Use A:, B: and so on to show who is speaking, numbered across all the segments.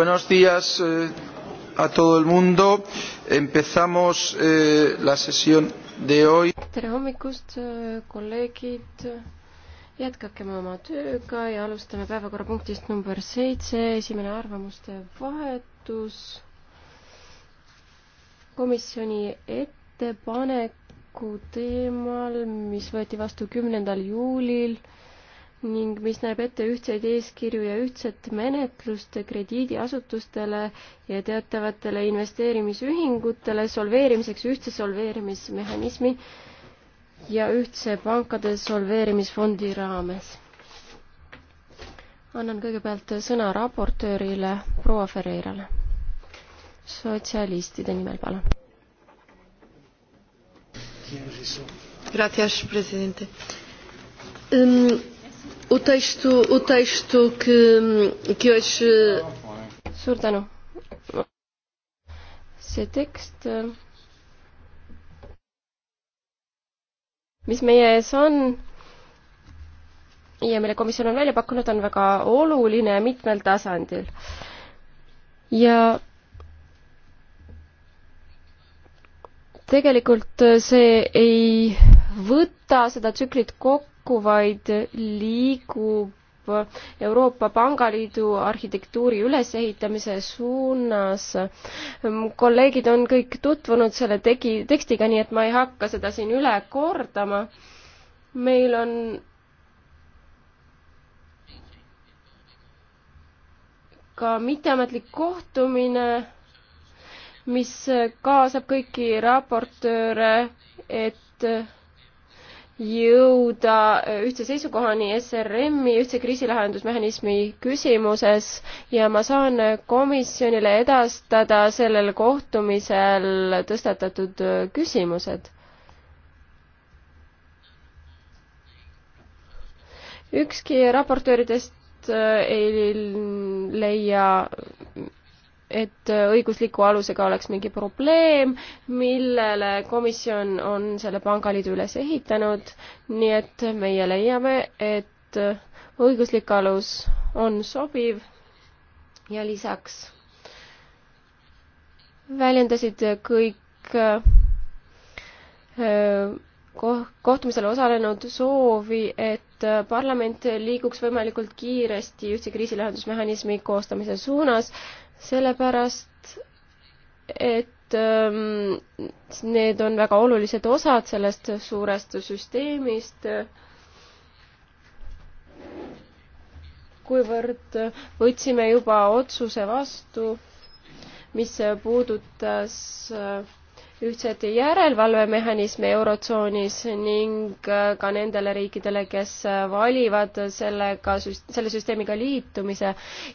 A: buenos días eh, a todo el mundo. Empezamos eh, la sesión de hoy.
B: tere hommikust, eh, kolleegid. jätkakem oma tööga ja alustame päevakorrapunktist number seitse, esimene arvamuste vahetus. komisjoni ettepaneku teemal, mis võeti vastu kümnendal juulil ning mis näeb ette ühtseid eeskirju ja ühtset menetlust krediidiasutustele ja teatavatele investeerimisühingutele solveerimiseks ühtse solveerimismehhanismi ja ühtse pankade solveerimisfondi raames. annan kõigepealt sõna raportöörile proua Ferreirale. sotsialistide nimel, palun. Gracias, presidente. Um, o textu, o textu que, que hoje. suur tänu. see tekst, mis meie ees on ja mille komisjon on välja pakkunud, on väga oluline mitmel tasandil. ja tegelikult see ei võta seda tsüklit kokku kokku, vaid liigub Euroopa Pangaliidu arhitektuuri ülesehitamise suunas. kolleegid on kõik tutvunud selle tegi, tekstiga, nii et ma ei hakka seda siin üle kordama. meil on ka mitteametlik kohtumine, mis kaasab kõiki raportööre, et jõuda äh, ühtse seisukohani SRM-i, ühtse kriisilahendusmehhanismi küsimuses ja ma saan komisjonile edastada sellel kohtumisel tõstatatud äh, küsimused. ükski raportööridest äh, ei leia et õigusliku alusega oleks mingi probleem, millele komisjon on selle pangaliidu üles ehitanud, nii et meie leiame, et õiguslik alus on sobiv ja lisaks väljendasid kõik äh, kohtumisel osalenud soovi, et parlament liiguks võimalikult kiiresti ühtse kriisilahendusmehhanismi koostamise suunas sellepärast et ähm, need on väga olulised osad sellest suurest süsteemist, kuivõrd võtsime juba otsuse vastu, mis puudutas äh, ühtset järelevalvemehhanismi Eurotsoonis ning äh, ka nendele riikidele, kes äh, valivad sellega, selle süsteemiga liitumise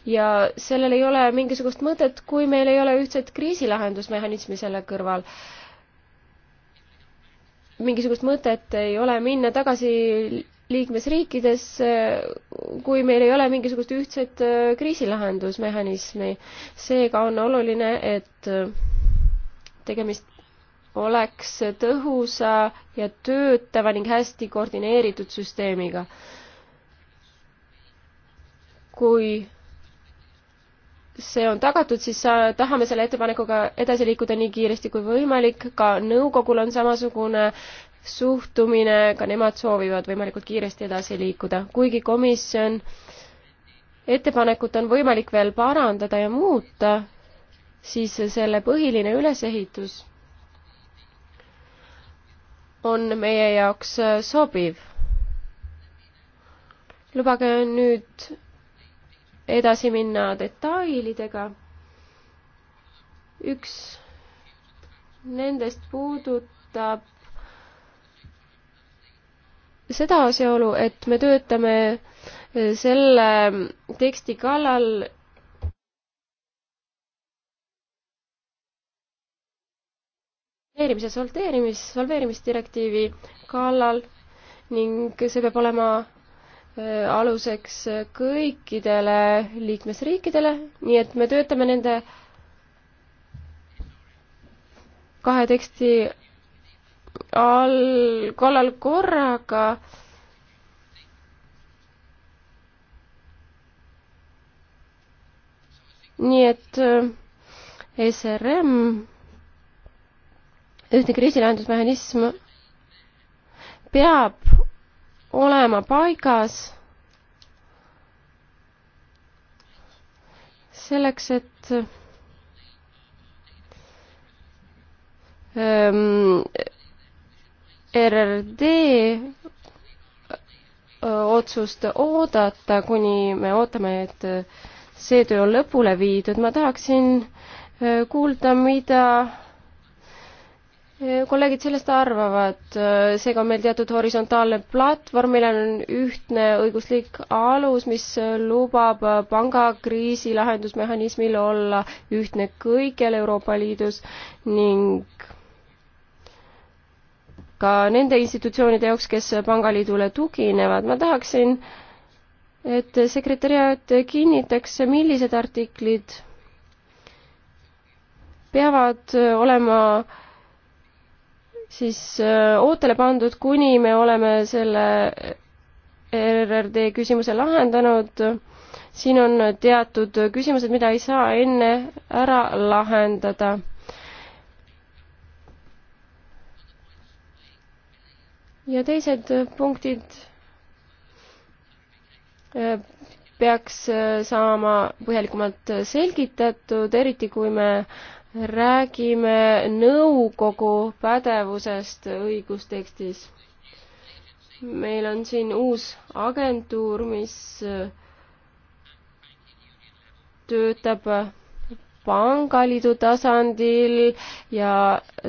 B: ja sellel ei ole mingisugust mõtet, kui meil ei ole ühtset kriisilahendusmehhanismi selle kõrval. mingisugust mõtet ei ole minna tagasi liikmesriikides, kui meil ei ole mingisugust ühtset äh, kriisilahendusmehhanismi. seega on oluline, et tegemist oleks tõhusa ja töötava ning hästi koordineeritud süsteemiga. kui see on tagatud, siis tahame selle ettepanekuga edasi liikuda nii kiiresti kui võimalik, ka nõukogul on samasugune suhtumine, ka nemad soovivad võimalikult kiiresti edasi liikuda, kuigi komisjon ettepanekut on võimalik veel parandada ja muuta, siis selle põhiline ülesehitus on meie jaoks äh, sobiv. lubage nüüd edasi minna detailidega. üks nendest puudutab seda asjaolu, et me töötame selle teksti kallal reageerimise soldeerimis, solveerimisdirektiivi kallal ning see peab olema äh, aluseks kõikidele liikmesriikidele, nii et me töötame nende kahe teksti all, kallal korraga. nii et äh, SRM
C: ühtne kriisilahendusmehhanism
B: peab olema paigas selleks, et ähm, RRD äh, otsust oodata, kuni me ootame, et see töö on lõpule viidud. ma tahaksin äh, kuulda, mida kolleegid sellest arvavad, seega on meil teatud horisontaalne platvorm, millel on ühtne õiguslik alus, mis lubab pangakriisi lahendusmehhanismil olla ühtne kõigil Euroopa Liidus ning ka nende institutsioonide jaoks, kes Pangaliidule tuginevad. ma tahaksin, et sekretäriaat kinnitaks, millised artiklid peavad olema äh, siis äh, ootele pandud, kuni me oleme selle RRD küsimuse lahendanud. siin on teatud küsimused, mida ei saa enne ära lahendada. ja teised punktid äh, peaks äh, saama põhjalikumalt selgitatud, eriti kui me räägime nõukogu pädevusest õigustekstis. meil on siin uus agentuur, mis töötab pangaliidu tasandil ja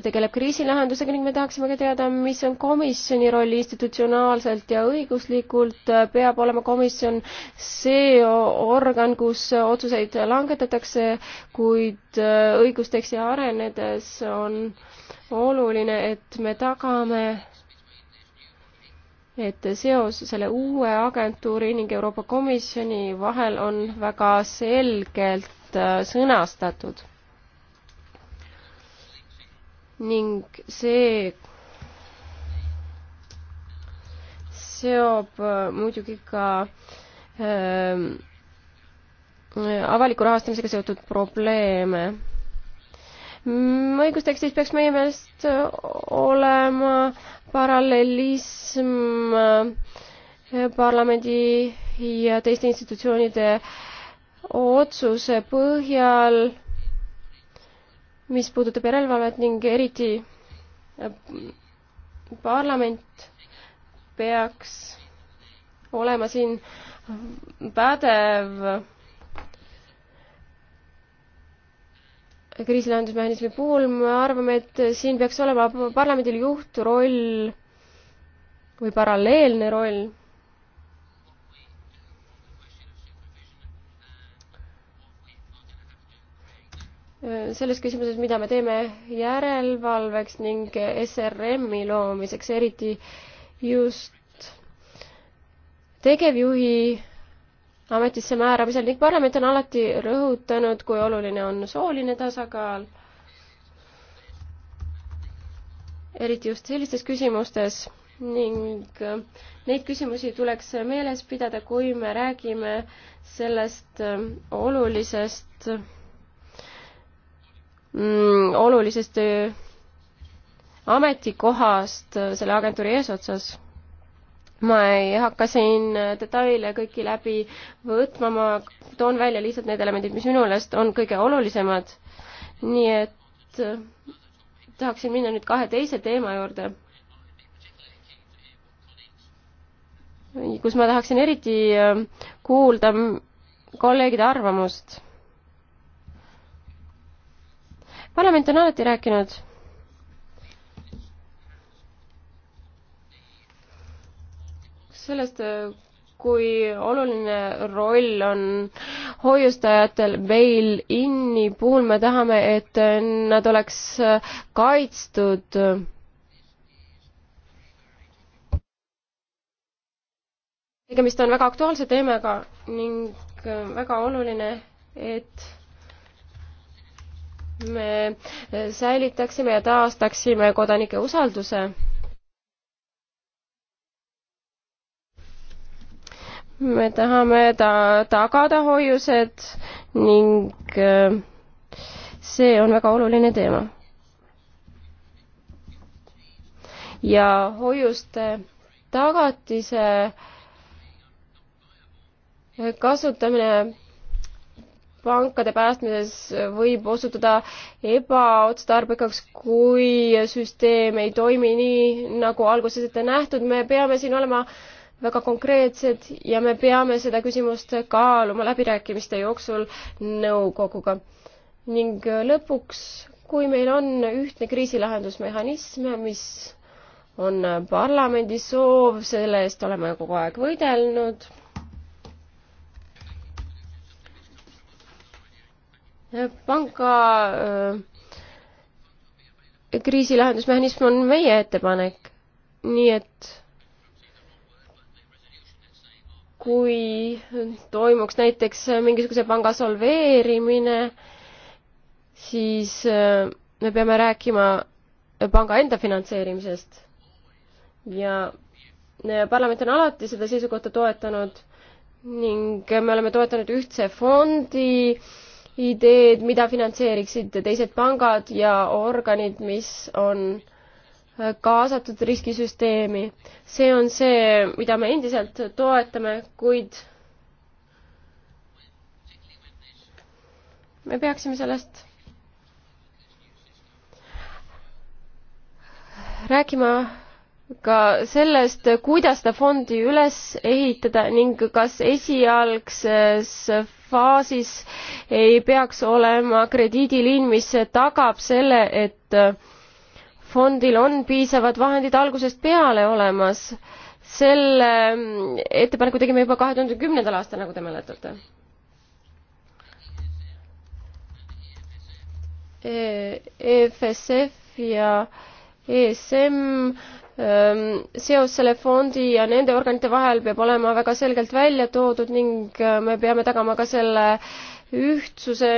B: tegeleb kriisilahendusega ning me tahaksime ka teada, mis on komisjoni roll institutsionaalselt ja õiguslikult. peab olema komisjon see organ, kus otsuseid langetatakse, kuid õigusteksti arenedes on oluline, et me tagame et seos selle uue agentuuri ning Euroopa Komisjoni vahel on väga selgelt selgelt äh, sõnastatud. ning see seob äh, muidugi ka ähm, avaliku rahastamisega seotud probleeme. Mm, õigustekstis peaks meie meelest äh, olema parallelism parlamendi ja teiste institutsioonide äh, otsuse põhjal, mis puudutab järelevalvet ning eriti äh, parlament peaks olema siin pädev kriisilahendusmehhanismi puhul, me arvame, et siin peaks olema parlamendil juhtroll või paralleelne roll selles küsimuses, mida me teeme järelevalveks ning SRM-i loomiseks, eriti just tegevjuhi ametisse määramisel ning parlament on alati rõhutanud, kui oluline on sooline tasakaal. eriti just sellistes küsimustes ning neid küsimusi tuleks meeles pidada, kui me räägime sellest olulisest mm, olulisest äh, ametikohast äh, selle agentuuri eesotsas. ma ei hakka siin äh, detaile kõiki läbi võtma, ma toon välja lihtsalt need elemendid, mis minu meelest on kõige olulisemad. nii et tahaksin minna nüüd kahe teise teema juurde, kus ma tahaksin eriti kuulda kolleegide arvamust parlament on alati rääkinud sellest, kui oluline roll on hoiustajatel bail-in'i puhul, me tahame, et nad oleks kaitstud tegemist on väga aktuaalse teemaga ning väga oluline, et me e, säilitaksime ja taastaksime kodanike usalduse. me tahame ta tagada hoiused ning e, see on väga oluline teema. ja hoiuste tagatise kasutamine pankade päästmises võib osutuda ebaotstarbekaks, kui süsteem ei toimi nii, nagu alguses ette nähtud. me peame siin olema väga konkreetsed ja me peame seda küsimust kaaluma läbirääkimiste jooksul nõukoguga. ning lõpuks, kui meil on ühtne kriisilahendusmehhanism, mis on parlamendi soov, selle eest oleme kogu aeg võidelnud panga äh, kriisilahendusmehhanism on meie ettepanek, nii et kui toimuks näiteks mingisuguse panga solveerimine, siis äh, me peame rääkima panga enda finantseerimisest. ja parlament on alati seda seisukohta toetanud ning me oleme toetanud ühtse fondi äh, ideed, mida finantseeriksid teised pangad ja organid, mis on kaasatud riskisüsteemi. see on see, mida me endiselt toetame, kuid me peaksime sellest rääkima ka sellest, kuidas seda fondi üles ehitada ning kas esialgses faasis ei peaks olema krediidiliin, mis tagab selle, et fondil on piisavad vahendid algusest peale olemas. selle ettepaneku tegime juba kahe tuhande kümnendal aastal, nagu te mäletate. EFSF e ja ESM ähm, seos selle fondi ja nende organite vahel peab olema väga selgelt välja toodud ning äh, me peame tagama ka selle ühtsuse,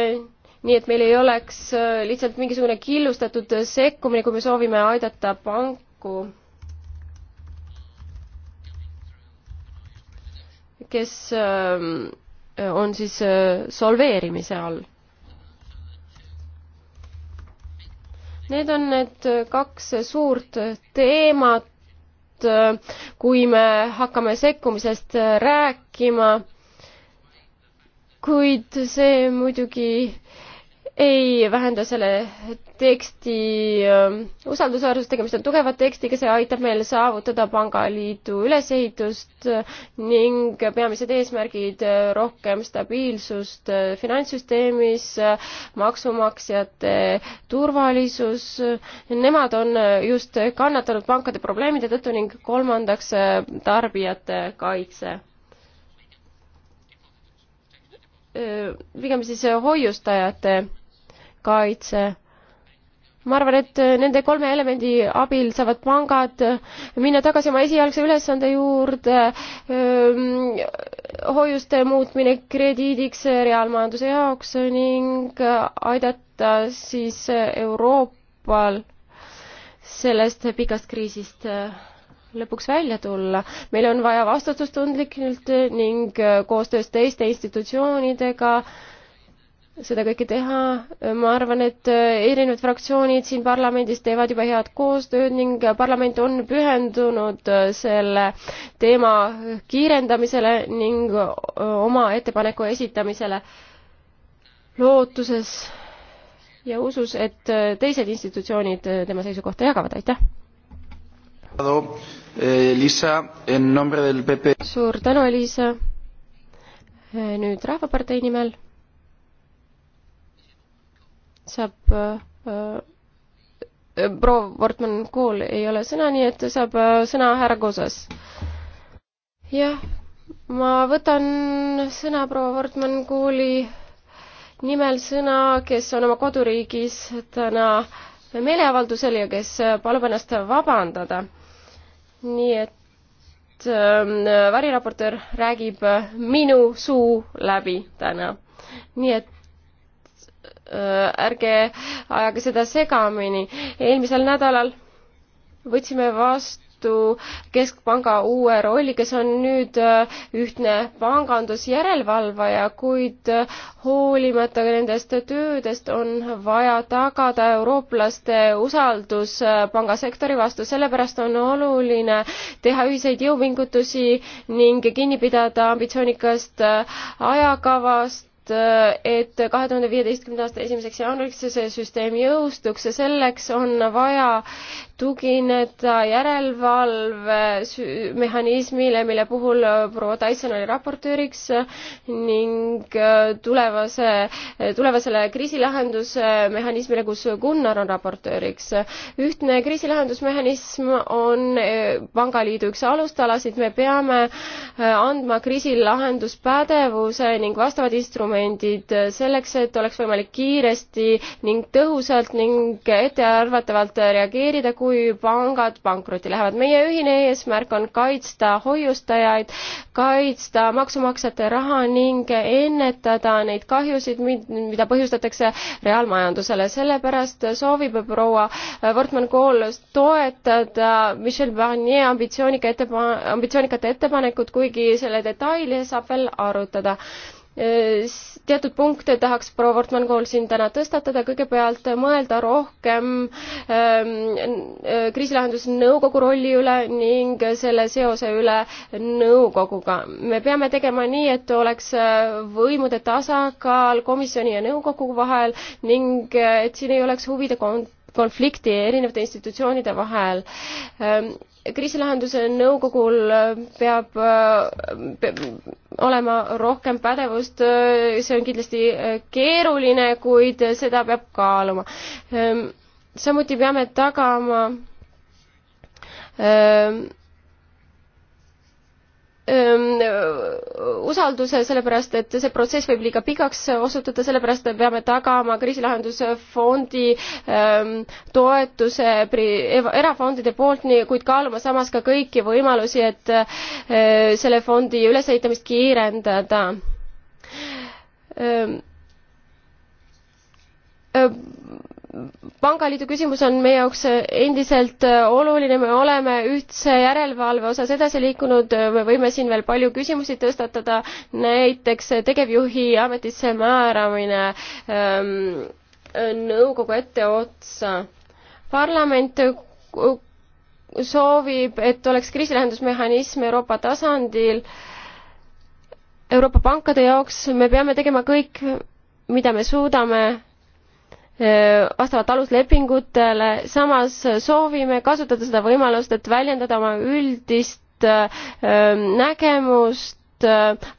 B: nii et meil ei oleks äh, lihtsalt mingisugune killustatud sekkumine, kui me soovime aidata panku, kes ähm, on siis äh, solveerimise all Need on need kaks suurt teemat, kui me hakkame sekkumisest rääkima, kuid see muidugi äh, ei vähenda selle teksti ähm, usaldusväärsust, tegemist on tugeva tekstiga, see aitab meil saavutada pangaliidu ülesehitust äh, ning peamised eesmärgid äh, rohkem stabiilsust äh, finantssüsteemis, maksumaksjate turvalisus, nemad on just kannatanud pankade probleemide tõttu ning kolmandaks tarbijate kaitse pigem siis hoiustajate kaitse. ma arvan, et äh, nende kolme elemendi abil saavad pangad äh, minna tagasi oma esialgse ülesande juurde, ähm, hoiuste muutmine krediidiks äh, reaalmajanduse jaoks ning aidata siis Euroopal sellest pikast kriisist lõpuks välja tulla. meil on vaja vastutustundlikult ning koostöös teiste institutsioonidega äh, seda kõike teha. ma arvan, et äh, erinevad fraktsioonid siin parlamendis teevad juba head koostööd ning parlament on pühendunud äh, selle teema kiirendamisele ning äh, oma ettepaneku esitamisele lootuses ja usus, et teised institutsioonid tema seisukohta jagavad, aitäh! suur tänu, Elisa! nüüd Rahvapartei nimel saab äh, äh, proua Wortmann Kool ei ole sõna, nii et saab äh, sõna härra Kosas. jah, ma võtan sõna proua Wortmann Kooli nimel sõna, kes on oma koduriigis täna meeleavaldusel ja kes palub ennast vabandada. nii et äh, variraportöör räägib minu suu läbi täna. nii et Äh, ärge ajage seda segamini. eelmisel nädalal võtsime vastu Keskpanga uue rolli, kes on nüüd äh, ühtne pangandusjärelevalvaja, kuid äh, hoolimata nendest töödest on vaja tagada eurooplaste usaldus pangasektori vastu, sellepärast on oluline teha ühiseid jõupingutusi ning kinni pidada ambitsioonikast ajakavast, et kahe tuhande viieteistkümnenda aasta esimeseks jaanuariks see süsteem jõustuks ja selleks on vaja tugineda järelevalvemehhanismile, mille puhul äh, proua Tyson oli raportööriks äh, ning äh, tulevase, tulevasele kriisilahendusmehhanismile, kus Gunnar on raportööriks. ühtne kriisilahendusmehhanism on pangaliidu üks alustalasid, me peame andma kriisilahenduspädevuse ning vastavad instrumendid selleks, et oleks võimalik kiiresti ning tõhusalt ning ettearvatavalt reageerida, kui kui pangad pankrotti lähevad. meie ühine eesmärk on kaitsta hoiustajaid, kaitsta maksumaksjate raha ning ennetada neid kahjusid, mida põhjustatakse reaalmajandusele. sellepärast soovib proua Wortmann Kool toetada Michel Barnier ambitsioonika ettepa-, ambitsioonikate ettepanekut, kuigi selle detaile saab veel arutada teatud punkte tahaks proua Wortmann-Kool siin täna tõstatada, kõigepealt mõelda rohkem ähm, äh, kriisilahendusnõukogu rolli üle ning selle seose üle nõukoguga. me peame tegema nii, et oleks äh, võimude tasakaal komisjoni ja nõukogu vahel ning äh, et siin ei oleks huvide konflikti erinevate institutsioonide vahel ähm, kriisilahenduse nõukogul äh, peab, äh, peab olema rohkem pädevust, äh, see on kindlasti keeruline, kuid seda peab kaaluma. Ähm, samuti peame tagama öö, ähm, usalduse, sellepärast et see protsess võib liiga pikaks osutuda, sellepärast me peame tagama kriisilahendusfondi toetuse erafondide poolt, nii, kuid kaaluma samas ka kõiki võimalusi, et selle fondi ülesehitamist kiirendada pangaliidu küsimus on meie jaoks endiselt äh, oluline, me oleme ühtse järelevalve osas edasi liikunud, me võime siin veel palju küsimusi tõstatada, näiteks tegevjuhi ametisse määramine ähm, nõukogu etteotsa. parlament soovib, et oleks kriisilahendusmehhanism Euroopa tasandil. Euroopa pankade jaoks me peame tegema kõik, mida me suudame vastavalt aluslepingutele, samas soovime kasutada seda võimalust, et väljendada oma üldist nägemust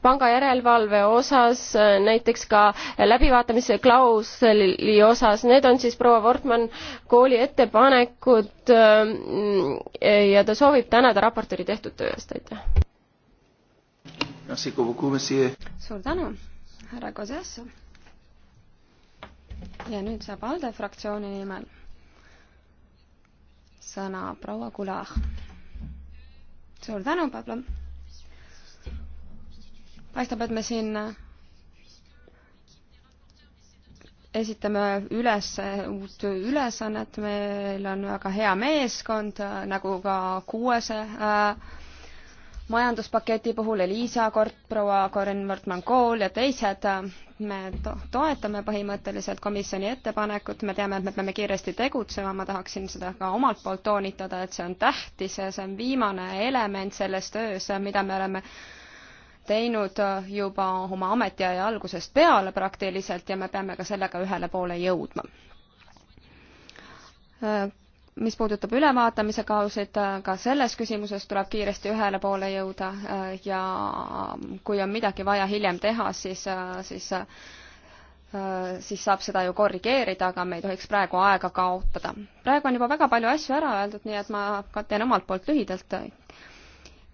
B: pangajärelevalve osas, näiteks ka läbivaatamise klausli osas, need on siis proua Wortmann kooli ettepanekud ja ta soovib tänada raportööri tehtud töö eest, aitäh.
C: suur tänu, härra Kozjassov ja nüüd saab ALDE fraktsiooni nimel sõna proua Kulah. suur tänu, Pablo. paistab, et me siin esitame üles uut ülesannet, meil on väga hea meeskond, nagu ka kuuese äh, majanduspaketi puhul Elisa Kort, proua Karin Wortmann-Kool ja teised me to toetame põhimõtteliselt komisjoni ettepanekut, me teame, et me peame kiiresti tegutsema, ma tahaksin seda ka omalt poolt toonitada, et see on tähtis ja see on viimane element selles töös, mida me oleme teinud juba oma ametiaja algusest peale praktiliselt ja me peame ka sellega ühele poole jõudma mis puudutab ülevaatamise kausid, ka selles küsimuses tuleb kiiresti ühele poole jõuda äh, ja kui on midagi vaja hiljem teha, siis, äh, siis äh, siis saab seda ju korrigeerida, aga me ei tohiks praegu aega kaotada. praegu on juba väga palju asju ära öeldud, nii et ma teen omalt poolt lühidalt,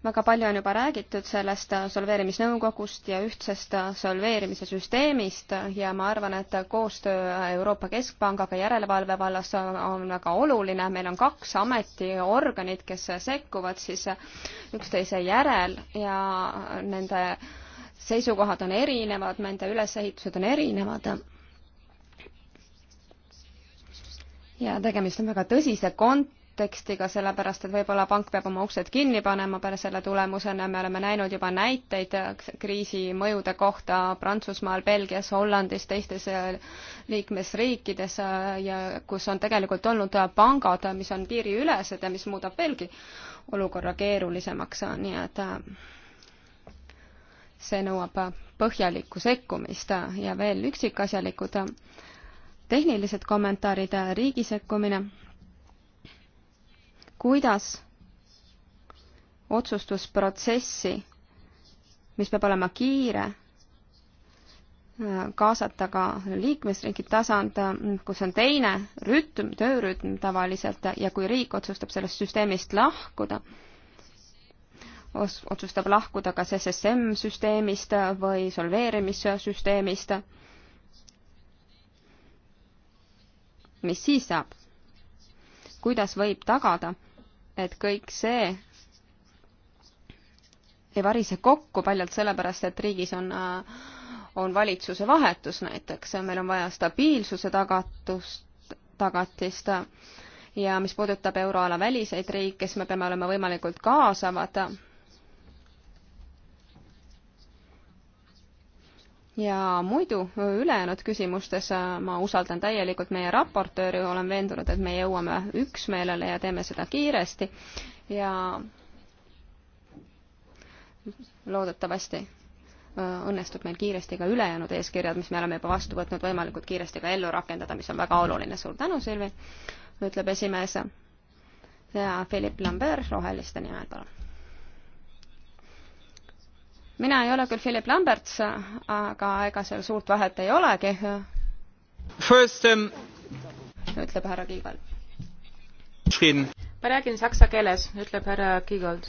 C: väga palju on juba räägitud sellest äh, solveerimisnõukogust ja ühtsest äh, solveerimise süsteemist äh, ja ma arvan, et koostöö Euroopa Keskpangaga järelevalve vallas on väga oluline, meil on kaks ametiorganit, kes sekkuvad siis üksteise järel ja nende seisukohad on erinevad, nende ülesehitused on erinevad ja tegemist on väga tõsise kont-, tekstiga, sellepärast et võib-olla pank peab oma uksed kinni panema peale selle tulemusena, me oleme näinud juba näiteid kriisi mõjude kohta Prantsusmaal, Belgias, Hollandis, teistes äh, liikmesriikides äh, ja kus on tegelikult olnud pangad, mis on piiriülesed ja mis muudab veelgi olukorra keerulisemaks, nii et äh, see nõuab põhjalikku sekkumist ja veel üksikasjalikud tehnilised kommentaarid, riigi sekkumine kuidas otsustusprotsessi, mis peab olema kiire, kaasata ka liikmesriigi tasand, kus on teine rütm, töörütm tavaliselt ja kui riik otsustab sellest süsteemist lahkuda, otsustab lahkuda kas SSM süsteemist või solveerimissüsteemist, mis siis saab? kuidas võib tagada et kõik see ei varise kokku paljalt sellepärast, et riigis on, on valitsuse vahetus näiteks, meil on vaja stabiilsuse tagatust, tagatist ja mis puudutab euroala väliseid riike, siis me peame olema võimalikult kaasavad ja muidu ülejäänud küsimustes äh, ma usaldan täielikult meie raportööri, olen veendunud, et me jõuame üksmeelele ja teeme seda kiiresti ja loodetavasti õnnestub meil kiiresti ka ülejäänud eeskirjad, mis me oleme juba vastu võtnud, võimalikult kiiresti ka ellu rakendada, mis on väga oluline. suur tänu, Silvi, ütleb esimees. ja Philipp Lambert Roheliste nimel, palun mina ei ole küll Philip Lamberts, aga ega seal suurt vahet ei olegi. First um... ütleb härra Kiigold.
D: ma räägin saksa keeles, ütleb härra Kiigold.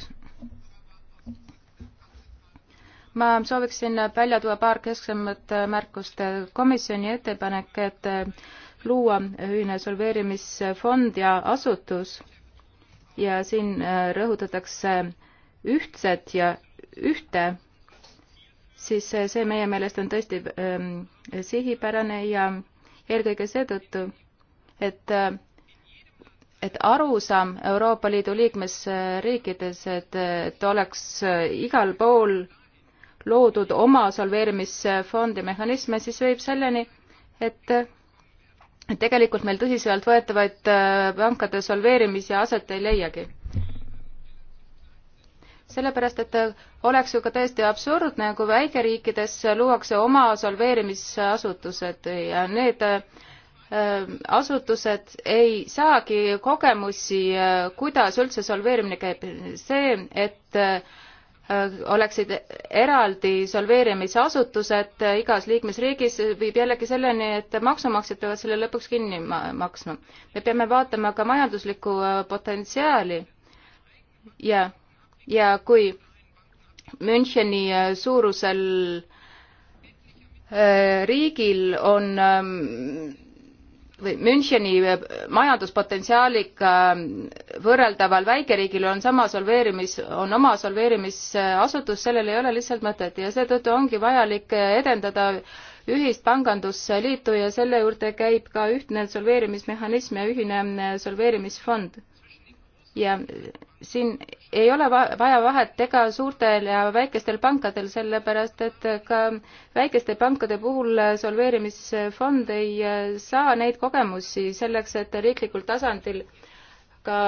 D: ma sooviksin välja tuua paar kesksemat märkust. komisjoni ettepanek, et luua ühine solveerimisfond ja asutus ja siin rõhutatakse ühtset ja ühte siis see meie meelest on tõesti ähm, sihipärane ja eelkõige seetõttu, et äh, et arusaam Euroopa Liidu liikmesriikides, et, et oleks äh, igal pool loodud oma solveerimisfondi mehhanisme, siis viib selleni, et tegelikult meil tõsiseltvõetavaid äh, pankade solveerimisi aset ei leiagi sellepärast, et oleks ju ka täiesti absurdne, kui väikeriikides luuakse oma solveerimisasutused ja need äh, asutused ei saagi kogemusi, äh, kuidas üldse solveerimine käib. see, et äh, oleksid eraldi solveerimisasutused igas liikmesriigis, viib jällegi selleni, et maksumaksjad peavad selle lõpuks kinni maksma. me peame vaatama ka majanduslikku potentsiaali ja yeah ja kui Müncheni äh, suurusel äh, riigil on ähm, või Müncheni äh, majanduspotentsiaaliga ähm, võrreldaval väikeriigil on sama solveerimis, on oma solveerimisasutus, sellel ei ole lihtsalt mõtet ja seetõttu ongi vajalik edendada ühist pangandusliitu ja selle juurde käib ka ühtne solveerimismehhanism ja ühine solveerimisfond ja siin ei ole vaja vahet ega suurtel ja väikestel pankadel, sellepärast et ka väikeste pankade puhul solveerimisfond ei äh, saa neid kogemusi selleks, et riiklikul tasandil ka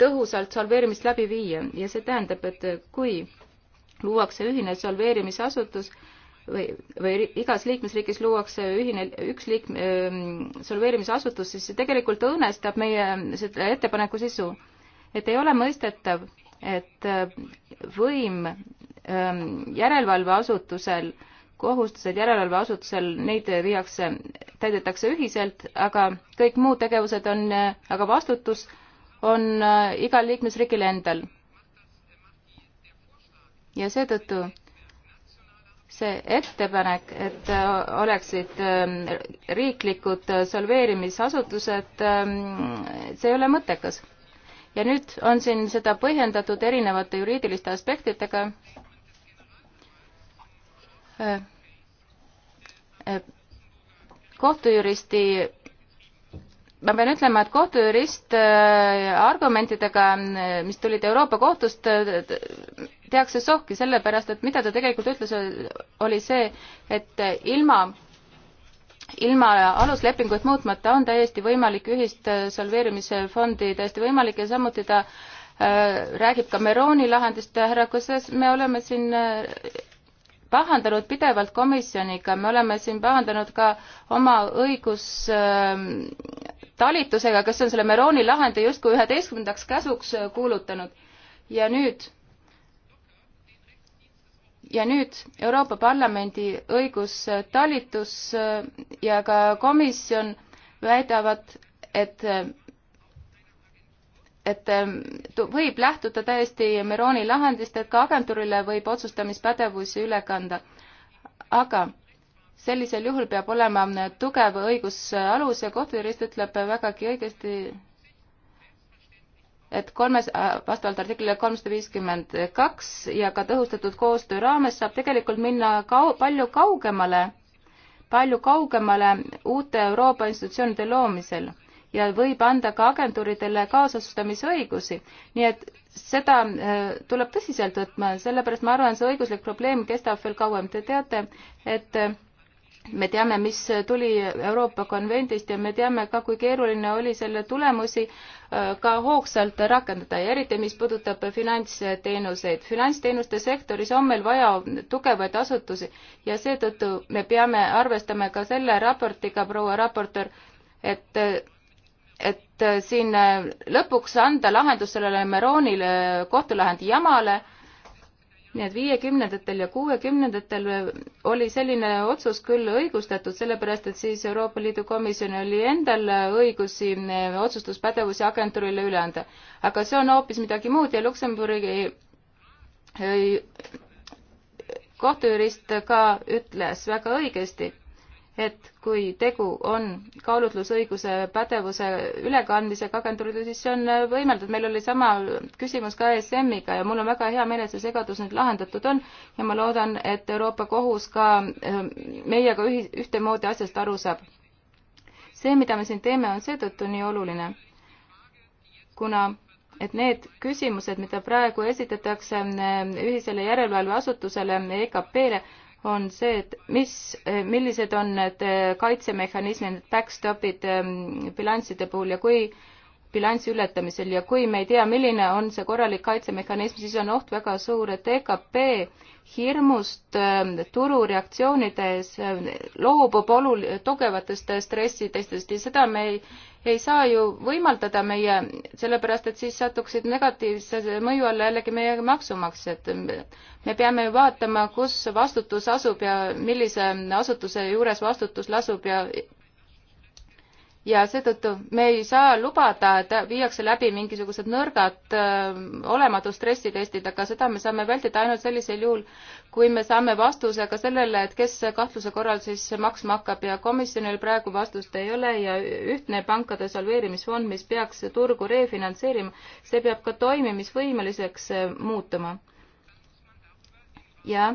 D: tõhusalt solveerimist läbi viia ja see tähendab, et kui luuakse ühine solveerimisasutus või, või igas liikmesriigis luuakse ühine, üks liik-, ähm, solveerimisasutus, siis see tegelikult õõnestab meie seda ettepaneku sisu et ei ole mõistetav, et äh, võim ähm, järelevalveasutusel, kohustused järelevalveasutusel, neid viiakse, täidetakse ühiselt, aga kõik muud tegevused on, äh, aga vastutus on äh, igal liikmesriigil endal. ja seetõttu see ettepanek, et oleksid ähm, riiklikud solveerimisasutused, ähm, see ei ole mõttekas ja nüüd on siin seda põhjendatud erinevate juriidiliste aspektidega. Äh, äh, kohtujuristi ma pean ütlema, et kohtujurist äh, argumentidega, mis tulid Euroopa kohtust, tehakse sohki, sellepärast et mida ta tegelikult ütles, oli see, et ilma ilma aluslepingut muutmata on täiesti võimalik ühist äh, solveerimisfondi täiesti võimalik ja samuti ta äh, räägib ka Meroni lahendist, äh, härra Kosses, me oleme siin äh, pahandanud pidevalt komisjoniga, me oleme siin pahandanud ka oma õigustalitusega äh,, kes on selle Meroni lahendi justkui üheteistkümnendaks käsuks kuulutanud. ja nüüd ja nüüd Euroopa Parlamendi õigustalitus äh, ja ka komisjon väidavad, et, äh, et äh, võib lähtuda täiesti Meroni lahendist, et ka agentuurile võib otsustamispädevusi üle kanda. aga sellisel juhul peab olema tugev õigusalus ja kohtujurist ütleb vägagi õigesti et kolmes, äh, vastavalt artiklile kolmsada viiskümmend kaks ja ka tõhustatud koostöö raames saab tegelikult minna kau-, palju kaugemale, palju kaugemale uute Euroopa institutsioonide loomisel ja võib anda ka agentuuridele kaasasustamisõigusi. nii et seda äh, tuleb tõsiselt võtma, sellepärast ma arvan, see õiguslik probleem kestab veel kauem. Te teate, et äh, me teame, mis tuli Euroopa konvendist ja me teame ka, kui keeruline oli selle tulemusi äh, ka hoogsalt rakendada ja eriti, mis puudutab finantsteenuseid. finantsteenuste sektoris on meil vaja tugevaid asutusi ja seetõttu me peame arvestama ka selle raportiga, proua raportöör, et et äh, siin äh, lõpuks anda lahendus sellele Meroonile kohtulahendi jamale nii et viiekümnendatel ja kuuekümnendatel oli selline otsus küll õigustatud, sellepärast et siis Euroopa Liidu komisjonil oli endal õigusi otsustuspädevusi agentuurile üle anda. aga see on hoopis midagi muud ja Luksemburgi eh, kohtujurist ka ütles väga õigesti et kui tegu on kaalutlusõiguse pädevuse ülekandmisega agentuurile, siis see on võimaldatud. meil oli sama küsimus ka ESM-iga ja mul on väga hea meel, et see segadus nüüd lahendatud on ja ma loodan, et Euroopa Kohus ka äh, meiega ühi-, ühtemoodi asjast aru saab. see, mida me siin teeme, on seetõttu nii oluline, kuna et need küsimused, mida praegu esitatakse äh, ühisele järelevalveasutusele EKP-le, on see, et mis, millised on need äh, kaitsemehhanismid, need backstopid ähm, bilansside puhul ja kui äh, bilansi ületamisel ja kui me ei tea, milline on see korralik kaitsemehhanism, siis on oht väga suur, et EKP hirmust ähm, turureaktsioonides ähm, loobub olul-, tugevatest stressitestidest ja seda me ei, ei saa ju võimaldada meie, sellepärast et siis satuksid negatiivse mõju alla jällegi meie maksumaksjad. me peame ju vaatama, kus vastutus asub ja millise asutuse juures vastutus lasub ja ja seetõttu me ei saa lubada, et viiakse läbi mingisugused nõrgad äh, olematud stressitestid, aga seda me saame vältida ainult sellisel juhul, kui me saame vastuse ka sellele, et kes kahtluse korral siis maksma hakkab ja komisjonil praegu vastust ei ole ja ühtne pankade solveerimisfond, mis peaks turgu refinantseerima, see peab ka toimimisvõimeliseks äh, muutuma. jah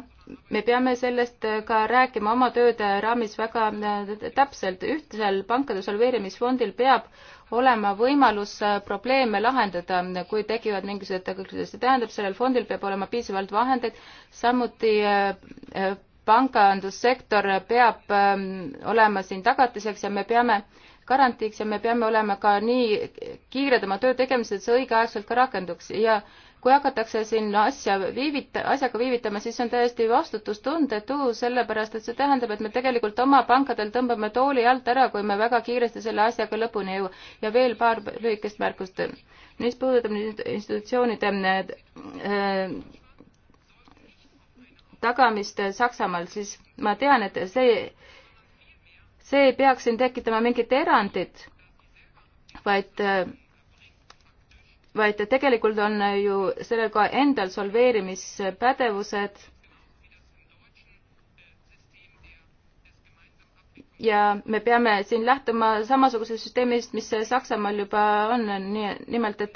D: me peame sellest ka rääkima oma tööde raamis väga äh, täpselt. ühtsel pankade solveerimisfondil peab olema võimalus äh, probleeme lahendada, kui tekivad mingisugused tõkkelised. see tähendab, sellel fondil peab olema piisavalt vahendeid, samuti äh, pangandussektor peab ähm, olema siin tagatiseks ja me peame garantiiks ja me peame olema ka nii kiired oma töö tegemisel, et see õigeaegselt ka rakenduks ja äh, kui hakatakse siin asja viivita-, asjaga viivitama, siis see on täiesti vastutustundetu, sellepärast et see tähendab, et me tegelikult oma pankadel tõmbame tooli alt ära, kui me väga kiiresti selle asjaga lõpuni ei jõua. ja veel paar lühikest märkust. mis puudutab nüüd institutsioonide äh, tagamist Saksamaal, siis ma tean, et see, see ei peaks siin tekitama mingit erandit, vaid äh, vaid tegelikult on ju sellel ka endal solveerimispädevused ja me peame siin lähtuma samasugusest süsteemist, mis Saksamaal juba on, nii, nimelt et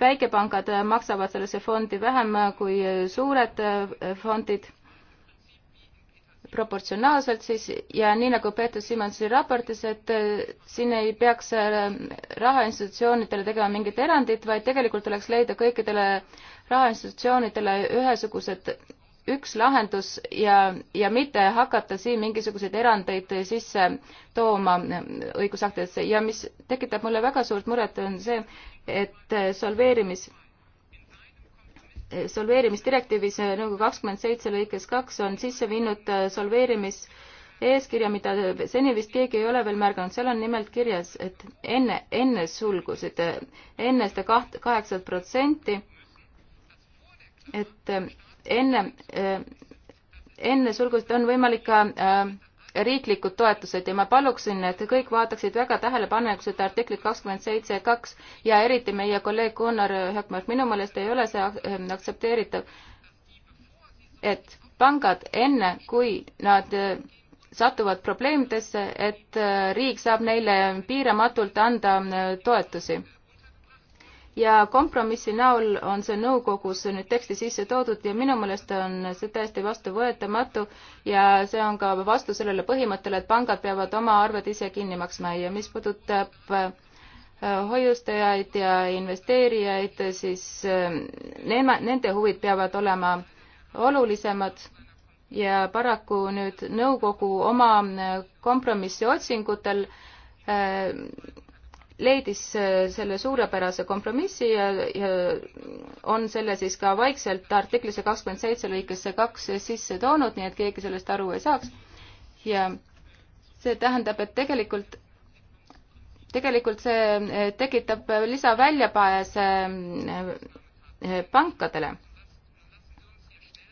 D: väikepangad maksavad sellesse fondi vähem kui suured fondid proportsionaalselt siis ja nii nagu Peeter Simonsi raportis, et äh, siin ei peaks äh, rahainstitutsioonidele tegema mingit erandit, vaid tegelikult tuleks leida kõikidele rahainstitutsioonidele ühesugused, üks lahendus ja, ja mitte hakata siin mingisuguseid erandeid sisse tooma õigusaktidesse ja mis tekitab mulle väga suurt muret, on see, et äh, solveerimis solveerimisdirektiivis eh, nõukogu kakskümmend seitse lõikes kaks on sisse viinud eh, solveerimis eeskirja, mida seni vist keegi ei ole veel märganud, seal on nimelt kirjas, et enne, enne sulgusid, eh, enne seda kaht-, kaheksat protsenti, et enne, enne sulgusid on võimalik ka äh, riiklikud toetused ja ma paluksin, et kõik vaataksid väga tähelepanelikult artiklit kakskümmend seitse kaks ja eriti meie kolleeg Gunnar Hökmark, minu meelest ei ole see ähm, aktsepteeritav, et pangad enne, kui nad äh, satuvad probleemidesse, et äh, riik saab neile piiramatult anda äh, toetusi ja kompromissi näol on see nõukogus nüüd teksti sisse toodud ja minu meelest on see täiesti vastuvõetamatu ja see on ka vastu sellele põhimõttele, et pangad peavad oma arved ise kinni maksma ja mis puudutab äh, hoiustajaid ja investeerijaid, siis äh, nema, nende huvid peavad olema olulisemad ja paraku nüüd nõukogu oma äh, kompromissi otsingutel äh, leidis äh, selle suurepärase kompromissi ja, ja on selle siis ka vaikselt artiklisse kakskümmend seitse lõikesse kaks sisse toonud, nii et keegi sellest aru ei saaks. ja see tähendab, et tegelikult, tegelikult see äh, tekitab lisaväljapääse äh, pankadele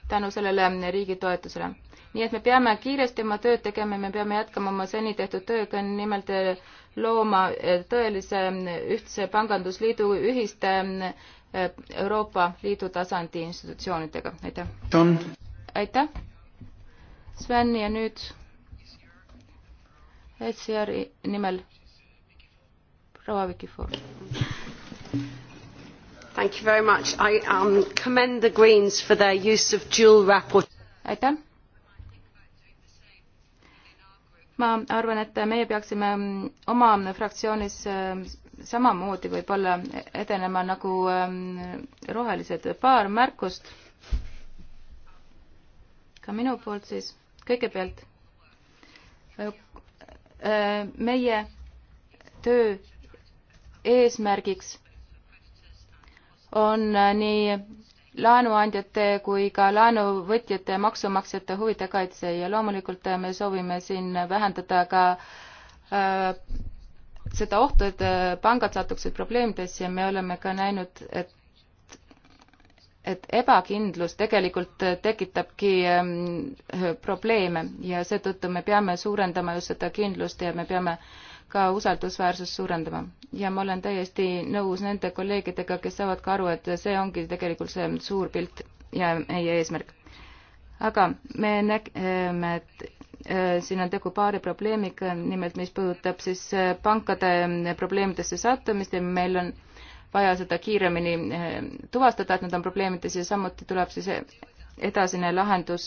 D: tänu sellele riigi toetusele. nii et me peame kiiresti oma tööd tegema ja me peame jätkama oma seni tehtud tööga, nimelt looma eh, tõelise ühtse pangandusliidu ühiste eh, Euroopa Liidu tasandi institutsioonidega, aitäh. aitäh, Sven ja nüüd ECR-i nimel proua Vikifoor. Thank you very much, I um, commend the Greens for their use of dual raport. aitäh ma arvan, et meie peaksime oma fraktsioonis ähm, samamoodi võib-olla edenema nagu ähm, rohelised. paar märkust ka minu poolt siis. kõigepealt äh, meie töö eesmärgiks on äh, nii laenuandjate kui ka laenuvõtjate ja maksumaksjate huvide kaitse ja loomulikult äh, me soovime siin vähendada ka äh, seda ohtu, et äh, pangad satuksid probleemidesse ja me oleme ka näinud, et et ebakindlus tegelikult äh, tekitabki ähm, probleeme ja seetõttu me peame suurendama just seda kindlust ja me peame äh, ka usaldusväärsust suurendama. ja ma olen täiesti nõus nende kolleegidega, kes saavad ka aru, et see ongi tegelikult see suur pilt ja meie eesmärk. aga me nägime, et äh, siin on tegu paari probleemiga, nimelt mis puudutab siis äh, pankade äh, probleemidesse sattumist ja meil on vaja seda kiiremini tuvastada, et nad on probleemides ja samuti tuleb siis edasine lahendus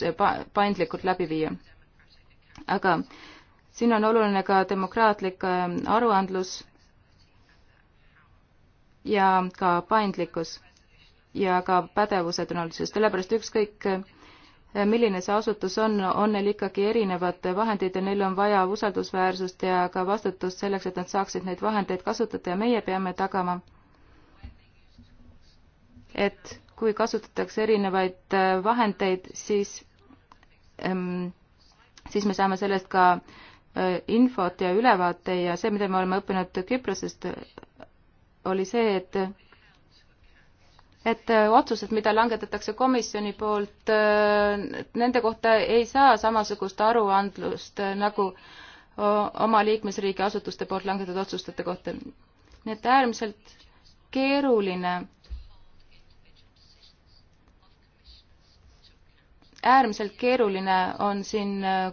D: paindlikult läbi viia. aga äh, siin on oluline ka demokraatlik äh, aruandlus ja ka paindlikkus ja ka pädevused on olnud, sest sellepärast ükskõik, äh, milline see asutus on, on neil ikkagi erinevad vahendid ja neil on vaja usaldusväärsust ja ka vastutust selleks, et nad saaksid neid vahendeid kasutada ja meie peame tagama, et kui kasutatakse erinevaid äh, vahendeid, siis, ähm, siis me saame sellest ka äh, Äh, infot ja ülevaate ja see, mida me oleme õppinud Küprosest, oli see, et et otsused, mida langetatakse komisjoni poolt, äh, nende kohta ei saa samasugust aruandlust äh, nagu oma liikmesriigi asutuste poolt langetatud otsuste kohta. nii et äärmiselt keeruline äärmiselt keeruline on siin äh,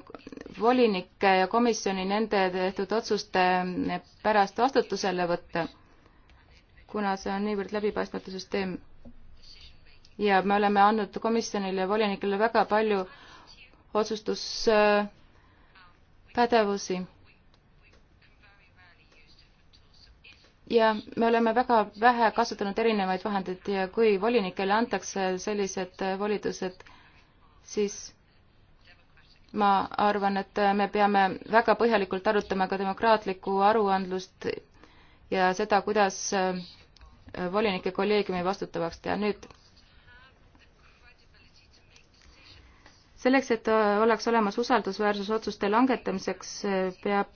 D: volinike ja komisjoni nende tehtud otsuste pärast vastutusele võtta, kuna see on niivõrd läbipaistmatu süsteem. ja me oleme andnud komisjonile ja volinikele väga palju otsustuspädevusi. ja me oleme väga vähe kasutanud erinevaid vahendeid ja kui volinikele antakse sellised volitused, siis ma arvan, et me peame väga põhjalikult arutama ka demokraatlikku aruandlust ja seda, kuidas äh, volinike kolleegiumi vastutavaks teha. nüüd selleks, et äh, oleks olemas usaldusväärsus otsuste langetamiseks, äh, peab,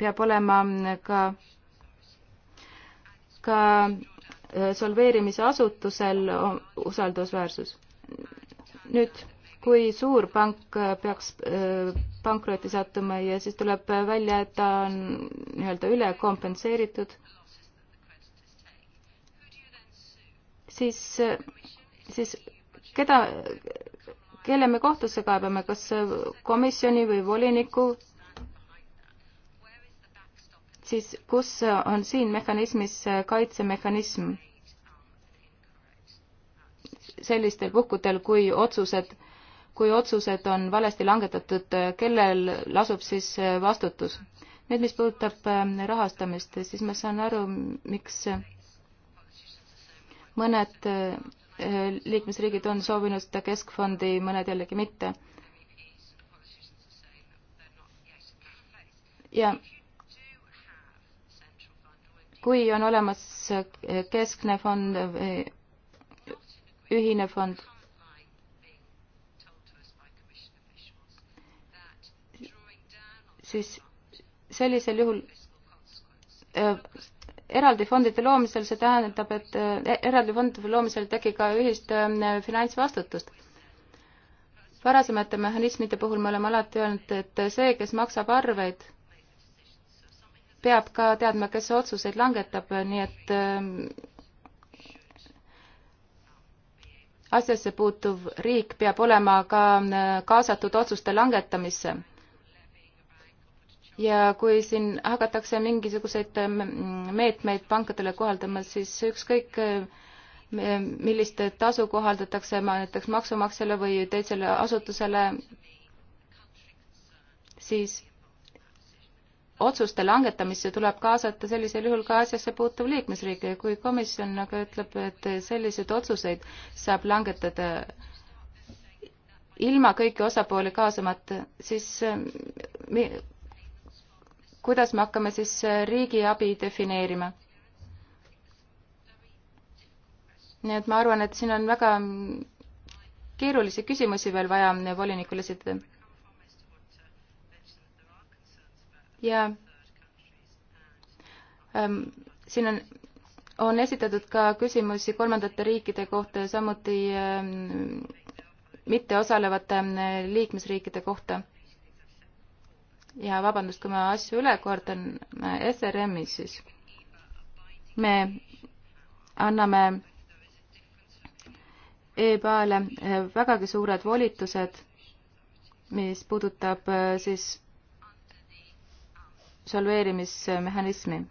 D: peab olema ka, ka solveerimise asutusel usaldusväärsus. nüüd, kui suur pank peaks äh, pankrotti sattuma ja siis tuleb välja, et ta on nii-öelda üle kompenseeritud, siis, siis keda, kelle me kohtusse kaebame, kas komisjoni või voliniku siis kus on siin mehhanismis kaitsemehhanism? sellistel puhkudel, kui otsused, kui otsused on valesti langetatud, kellel lasub siis vastutus? nüüd, mis puudutab äh, rahastamist, siis ma saan aru, miks äh, mõned äh, liikmesriigid on soovinud seda keskfondi, mõned jällegi mitte. ja kui on olemas eh, keskne fond, eh, ühine fond, siis sellisel juhul eh, eraldi fondide loomisel, see tähendab, et eraldi fondide loomisel tegi ka ühist finantsvastutust. varasemate mehhanismide puhul me oleme alati öelnud, et see, kes maksab arveid, peab ka teadma, kes otsuseid langetab, nii et ähm, asjasse puutuv riik peab olema ka äh, kaasatud otsuste langetamisse. ja kui siin hakatakse mingisuguseid ähm, meetmeid pankadele kohaldama, siis ükskõik äh, millist tasu kohaldatakse näiteks maksumaksjale või teisele asutusele, siis otsuste langetamisse tuleb kaasata sellisel juhul ka asjasse puutuv liikmesriik ja kui komisjon aga ütleb, et selliseid otsuseid saab langetada ilma kõiki osapooli kaasamata, siis äh, me, kuidas me hakkame siis äh, riigiabi defineerima? nii et ma arvan, et siin on väga keerulisi küsimusi veel vaja volinikule esitada ja ähm, siin on, on esitatud ka küsimusi kolmandate riikide kohta ja samuti ähm, mitteosalevate ähm, liikmesriikide kohta. ja vabandust, kui ma asju üle kordan, äh, SRM-is siis me anname EBA-le äh, vägagi suured volitused, mis puudutab äh, siis solveerimismehhanismi.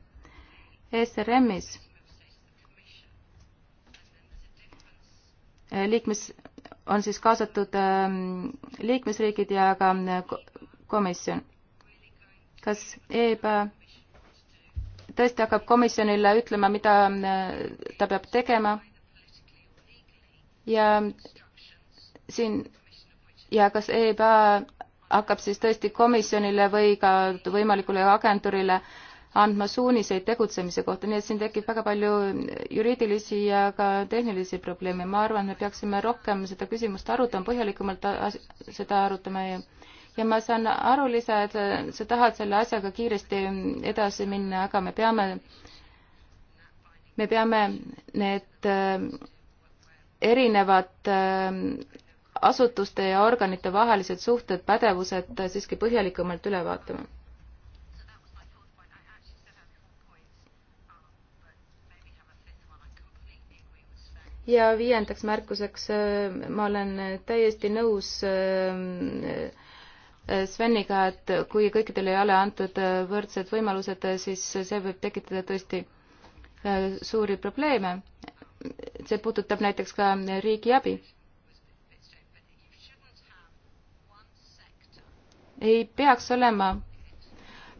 D: ESRM-is äh, liikmes, on siis kaasatud ähm, liikmesriigid ja ka äh, komisjon. kas EIBA tõesti hakkab komisjonile ütlema, mida äh, ta peab tegema ja siin ja kas EIBA hakkab siis tõesti komisjonile või ka võimalikule agentuurile andma suuniseid tegutsemise kohta, nii et siin tekib väga palju juriidilisi ja ka tehnilisi probleeme. ma arvan, me peaksime rohkem seda küsimust arutama, põhjalikumalt seda arutama ja ja ma saan aru, Liisa, et sa, sa tahad selle asjaga kiiresti edasi minna, aga me peame, me peame need äh, erinevad äh, asutuste ja organite vahelised suhted, pädevused siiski põhjalikumalt üle vaatama. ja viiendaks märkuseks, äh, ma olen täiesti nõus äh, äh, Sveniga, et kui kõikidele ei ole antud võrdsed võimalused, siis see võib tekitada tõesti suuri probleeme. see puudutab näiteks ka riigiabi ei peaks olema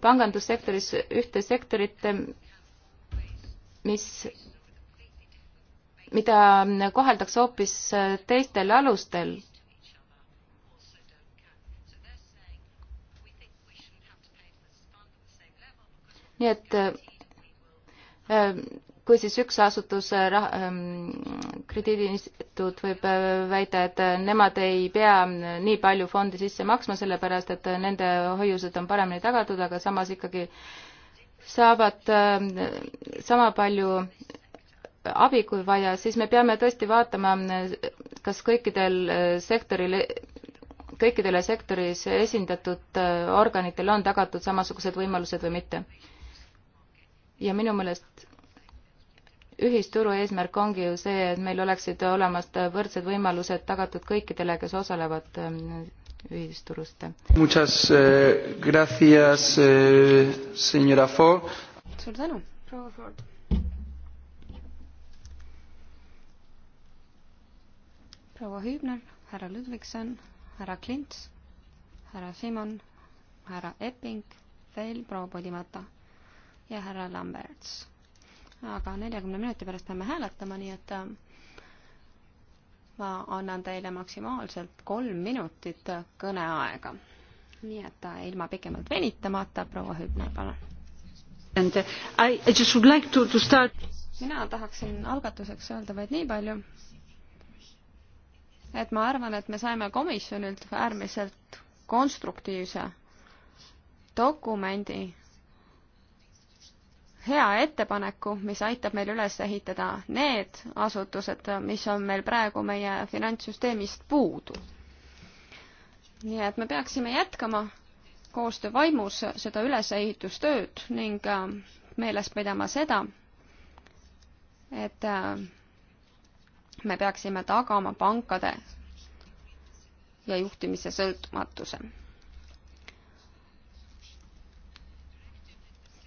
D: pangandussektoris ühte sektorit, mis, mida koheldakse hoopis teistel alustel. nii et äh, kui siis üks asutus, äh, ähm, krediidiinstituut võib äh, väita, et äh, nemad ei pea nii palju fondi sisse maksma, sellepärast et nende hoiused on paremini tagatud, aga samas ikkagi saavad sama palju abi kui vaja, siis me peame tõesti vaatama, kas kõikidel sektoril kõikidele sektoris esindatud organitele on tagatud samasugused võimalused või mitte. ja minu meelest ühisturu eesmärk ongi ju see, et meil oleksid olemas võrdsed võimalused tagatud kõikidele, kes osalevad ähm, ühisturust.
A: Muchas eh, gracias, eh, senora Ford.
C: suur tänu, proua Ford. proua Hübner, härra Ludvigson, härra Klints, härra Simon, härra Epping, veel proua Podimata ja härra Lamberts aga neljakümne minuti pärast peame hääletama, nii et äh, ma annan teile maksimaalselt kolm minutit kõneaega. nii et äh, ilma pikemalt venitamata, proua Hübner, palun. mina tahaksin algatuseks öelda vaid nii palju, et ma arvan, et me saime komisjonilt äärmiselt konstruktiivse dokumendi hea ettepaneku, mis aitab meil üles ehitada need asutused, mis on meil praegu meie finantssüsteemist puudu. nii et me peaksime jätkama koostöö vaimus seda ülesehitustööd ning äh, meeles pidama seda, et äh, me peaksime tagama pankade ja juhtimise sõltumatuse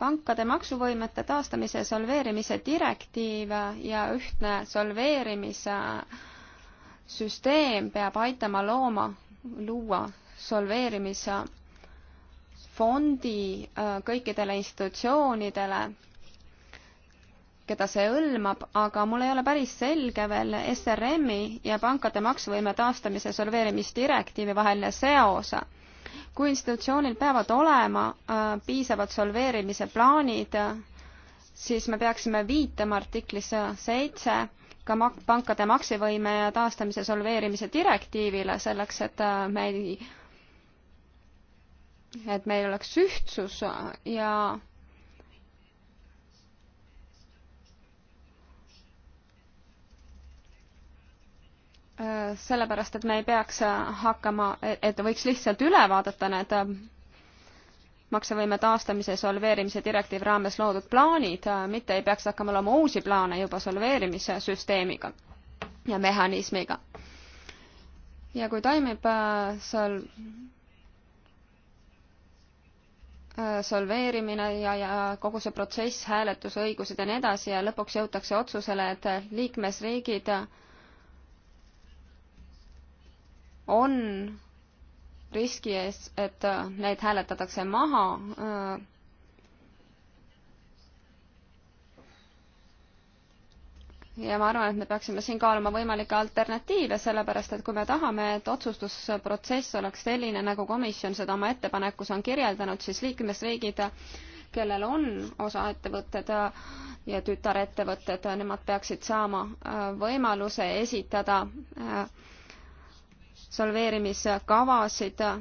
C: pankade maksuvõimete taastamise ja solveerimise direktiiv ja ühtne solveerimise süsteem peab aitama looma, luua solveerimise fondi äh, kõikidele institutsioonidele, keda see hõlmab, aga mul ei ole päris selge veel SRM-i ja pankade maksuvõime taastamise solveerimisdirektiivi vaheline seos kui institutsioonil peavad olema äh, piisavad solveerimise plaanid, siis me peaksime viitama artiklis seitse ka mak-, pankade maksevõime ja taastamise solveerimise direktiivile, selleks et äh, me ei, et meil oleks ühtsus ja sellepärast et me ei peaks hakkama, et võiks lihtsalt üle vaadata need maksevõime taastamise solveerimise direktiivi raames loodud plaanid, mitte ei peaks hakkama looma uusi plaane juba solveerimissüsteemiga ja mehhanismiga. ja kui toimib äh, sol-, äh, solveerimine ja, ja kogu see protsess, hääletusõigused ja nii edasi ja lõpuks jõutakse otsusele, et liikmesriigid äh, on riski ees, et need hääletatakse maha. Äh, ja ma arvan, et me peaksime siin kaaluma võimalikke alternatiive, sellepärast et kui me tahame, et otsustusprotsess oleks selline, nagu komisjon seda oma ettepanekus on kirjeldanud, siis liikmesriigid, kellel on osaettevõtted ja tütarettevõtted, nemad peaksid saama äh, võimaluse esitada äh, solveerimiskavasid äh,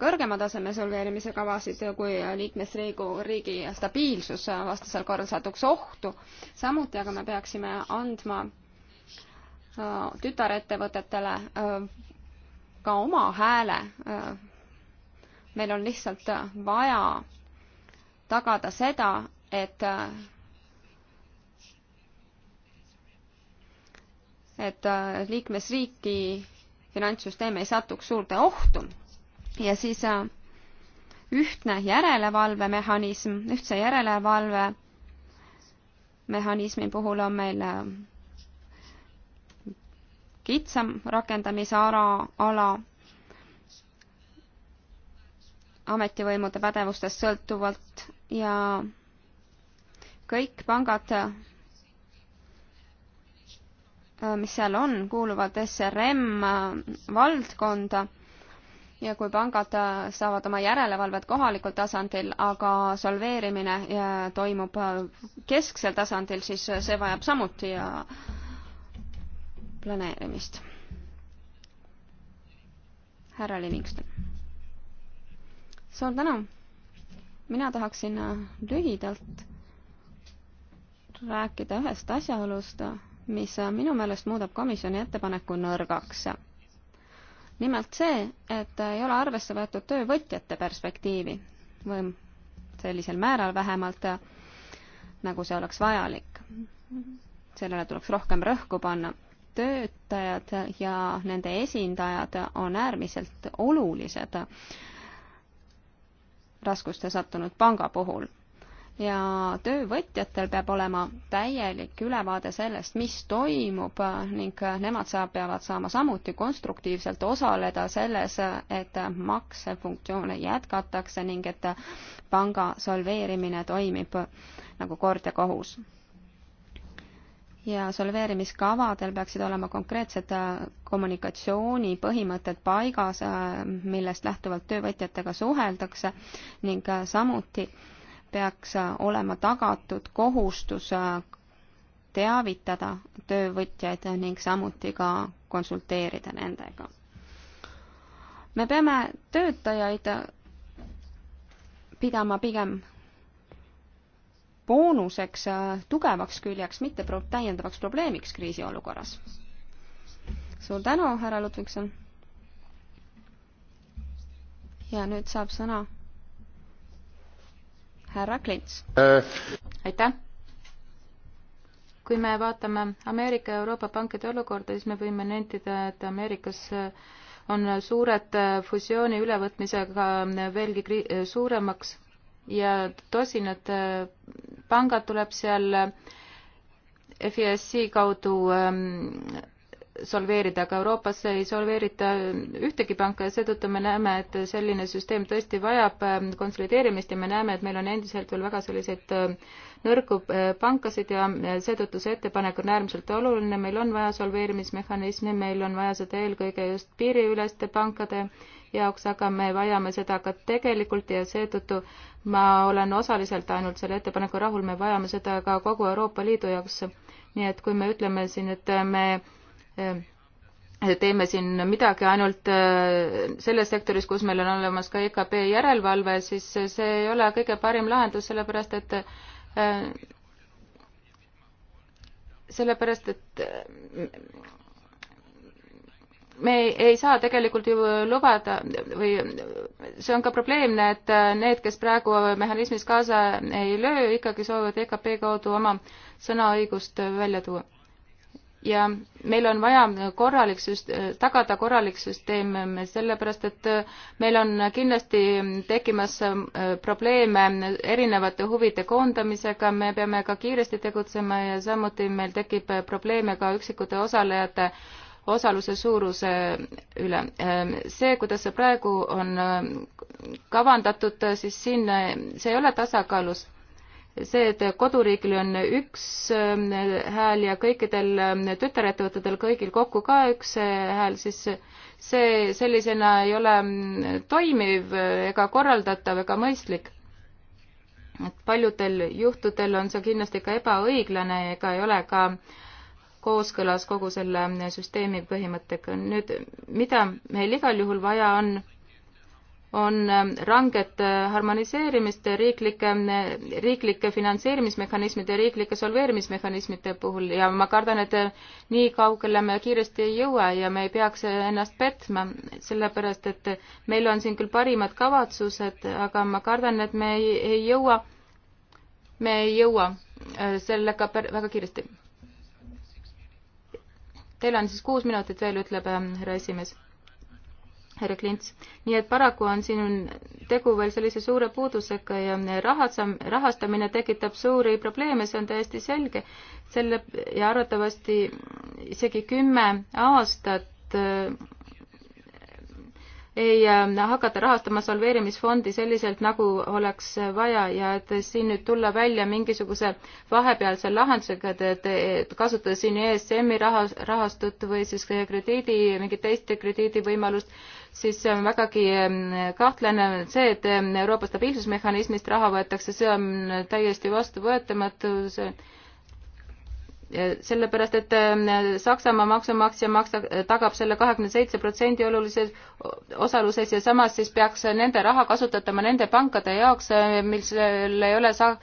C: kõrgema taseme solveerimise kavasid, kui liikmesriigu, riigi stabiilsus vastasel korral satuks ohtu. samuti aga me peaksime andma äh, tütarettevõtetele äh, ka oma hääle. meil on lihtsalt vaja tagada seda, et et äh, liikmesriiki finantssüsteem ei satuks suurde ohtu. ja siis äh, ühtne järelevalvemehhanism, ühtse järelevalvemehhanismi puhul on meil äh, kitsam rakendamise ala, ala ametivõimude pädevustest sõltuvalt ja kõik pangad Äh, mis seal on, kuuluvad SRM äh, valdkonda ja kui pangad äh, saavad oma järelevalvet kohalikul tasandil, aga solveerimine toimub kesksel tasandil, siis see vajab samuti planeerimist. härra Livingston. suur tänu. mina tahaksin lühidalt rääkida ühest asjaolust mis äh, minu meelest muudab komisjoni ettepaneku nõrgaks. nimelt see, et äh, ei ole arvesse võetud töövõtjate perspektiivi või sellisel määral vähemalt, äh, nagu see oleks vajalik. sellele tuleks rohkem rõhku panna. töötajad ja nende esindajad on äärmiselt olulised raskuste sattunud panga puhul ja töövõtjatel peab olema täielik ülevaade sellest, mis toimub ning nemad saab, peavad saama samuti konstruktiivselt osaleda selles, et maksefunktsioone jätkatakse ning et panga solveerimine toimib nagu kord ja kohus. ja solveerimiskavadel peaksid olema konkreetsed äh, kommunikatsioonipõhimõtted paigas, äh, millest lähtuvalt töövõtjatega suheldakse ning äh, samuti peaks äh, olema tagatud kohustus äh, teavitada töövõtjaid ning samuti ka konsulteerida nendega. me peame töötajaid pidama pigem boonuseks, äh, tugevaks küljeks, mitte pro-, täiendavaks probleemiks kriisiolukorras. suur tänu, härra Ludvigson. ja nüüd saab sõna härra Klints äh.. aitäh.
D: kui me vaatame Ameerika ja Euroopa pankade olukorda, siis me võime nentida, et Ameerikas on suured fusiooni ülevõtmisega veelgi suuremaks ja tosinad pangad tuleb seal FISC kaudu ähm, solveerida, aga Euroopas ei solveerita ühtegi panka ja seetõttu me näeme, et selline süsteem tõesti vajab ähm, konsolideerimist ja me näeme, et meil on endiselt veel väga selliseid ähm, nõrku äh, pankasid ja seetõttu see ettepanek on äärmiselt oluline, meil on vaja solveerimismehhanismi, meil on vaja seda eelkõige just piiriüleste pankade jaoks, aga me vajame seda ka tegelikult ja seetõttu ma olen osaliselt ainult selle ettepaneku rahul, me vajame seda ka kogu Euroopa Liidu jaoks. nii et kui me ütleme siin, et äh, me Äh, teeme siin midagi ainult äh, selles sektoris, kus meil on olemas ka EKP järelevalve, siis see ei ole kõige parim lahendus, sellepärast et äh, sellepärast, et me ei, ei saa tegelikult ju lubada või see on ka probleemne, et need, kes praegu mehhanismis kaasa ei löö, ikkagi soovivad EKP kaudu oma sõnaõigust välja tuua ja meil on vaja korralik süst-, tagada korralik süsteem, sellepärast et meil on kindlasti tekkimas äh, probleeme erinevate huvide koondamisega, me peame ka kiiresti tegutsema ja samuti meil tekib probleeme ka üksikute osalejate osaluse suuruse üle. see, kuidas see praegu on äh, kavandatud, siis siin äh, see ei ole tasakaalus see, et koduriigil on üks ähm, hääl ja kõikidel ähm, tütarettevõtetel kõigil kokku ka üks äh, hääl, siis see sellisena ei ole mm, toimiv äh, ega korraldatav ega mõistlik. et paljudel juhtudel on see kindlasti ka ebaõiglane ega ei ole ka kooskõlas kogu selle mm, süsteemi põhimõttega. nüüd, mida meil igal juhul vaja on on ähm, ranget äh, harmoniseerimist riiklike, äh, riiklike finantseerimismehhanismide ja riiklike solveerimismehhanismide puhul ja ma kardan, et äh, nii kaugele me kiiresti ei jõua ja me ei peaks ennast petma, sellepärast et meil on siin küll parimad kavatsused, aga ma kardan, et me ei, ei jõua, me ei jõua sellega väga kiiresti. Teil on siis kuus minutit veel, ütleb härra esimees härra Klints. nii et paraku on siin tegu veel sellise suure puudusega ja rahasam-, rahastamine tekitab suuri probleeme, see on täiesti selge. selle ja arvatavasti isegi kümme aastat äh, ei äh, hakata rahastama solveerimisfondi selliselt, nagu oleks vaja ja et siin nüüd tulla välja mingisuguse vahepealse lahendusega, et, et kasutada siin ESM-i rahas, rahastut või siis krediidi, mingit teist krediidivõimalust, siis see on vägagi kahtlane, see, et Euroopa stabiilsusmehhanismist raha võetakse, see on täiesti vastuvõetamatu, see sellepärast, et Saksamaa maksumaksja maksa-, tagab selle kahekümne seitse protsendi olulises osaluses ja samas siis peaks nende raha kasutatama nende pankade jaoks, mis ei ole sa-,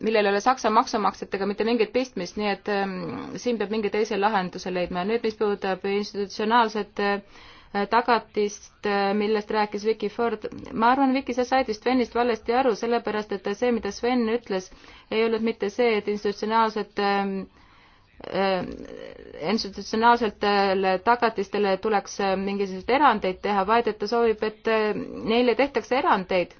D: millel ei ole Saksa maksumaksjatega mitte mingit pistmist, nii et ähm, siin peab mingi teise lahenduse leidma. nüüd, mis puudutab institutsionaalset äh, Äh, tagatist, äh, millest rääkis Vicky Ford. ma arvan, Vicky, sa said vist Svenist valesti aru, sellepärast et see, mida Sven ütles, ei olnud mitte see, et institutsionaalsed ähm, äh, institutsionaalsetele tagatistele tuleks mingisuguseid erandeid teha, vaid et ta soovib, et neile tehtaks erandeid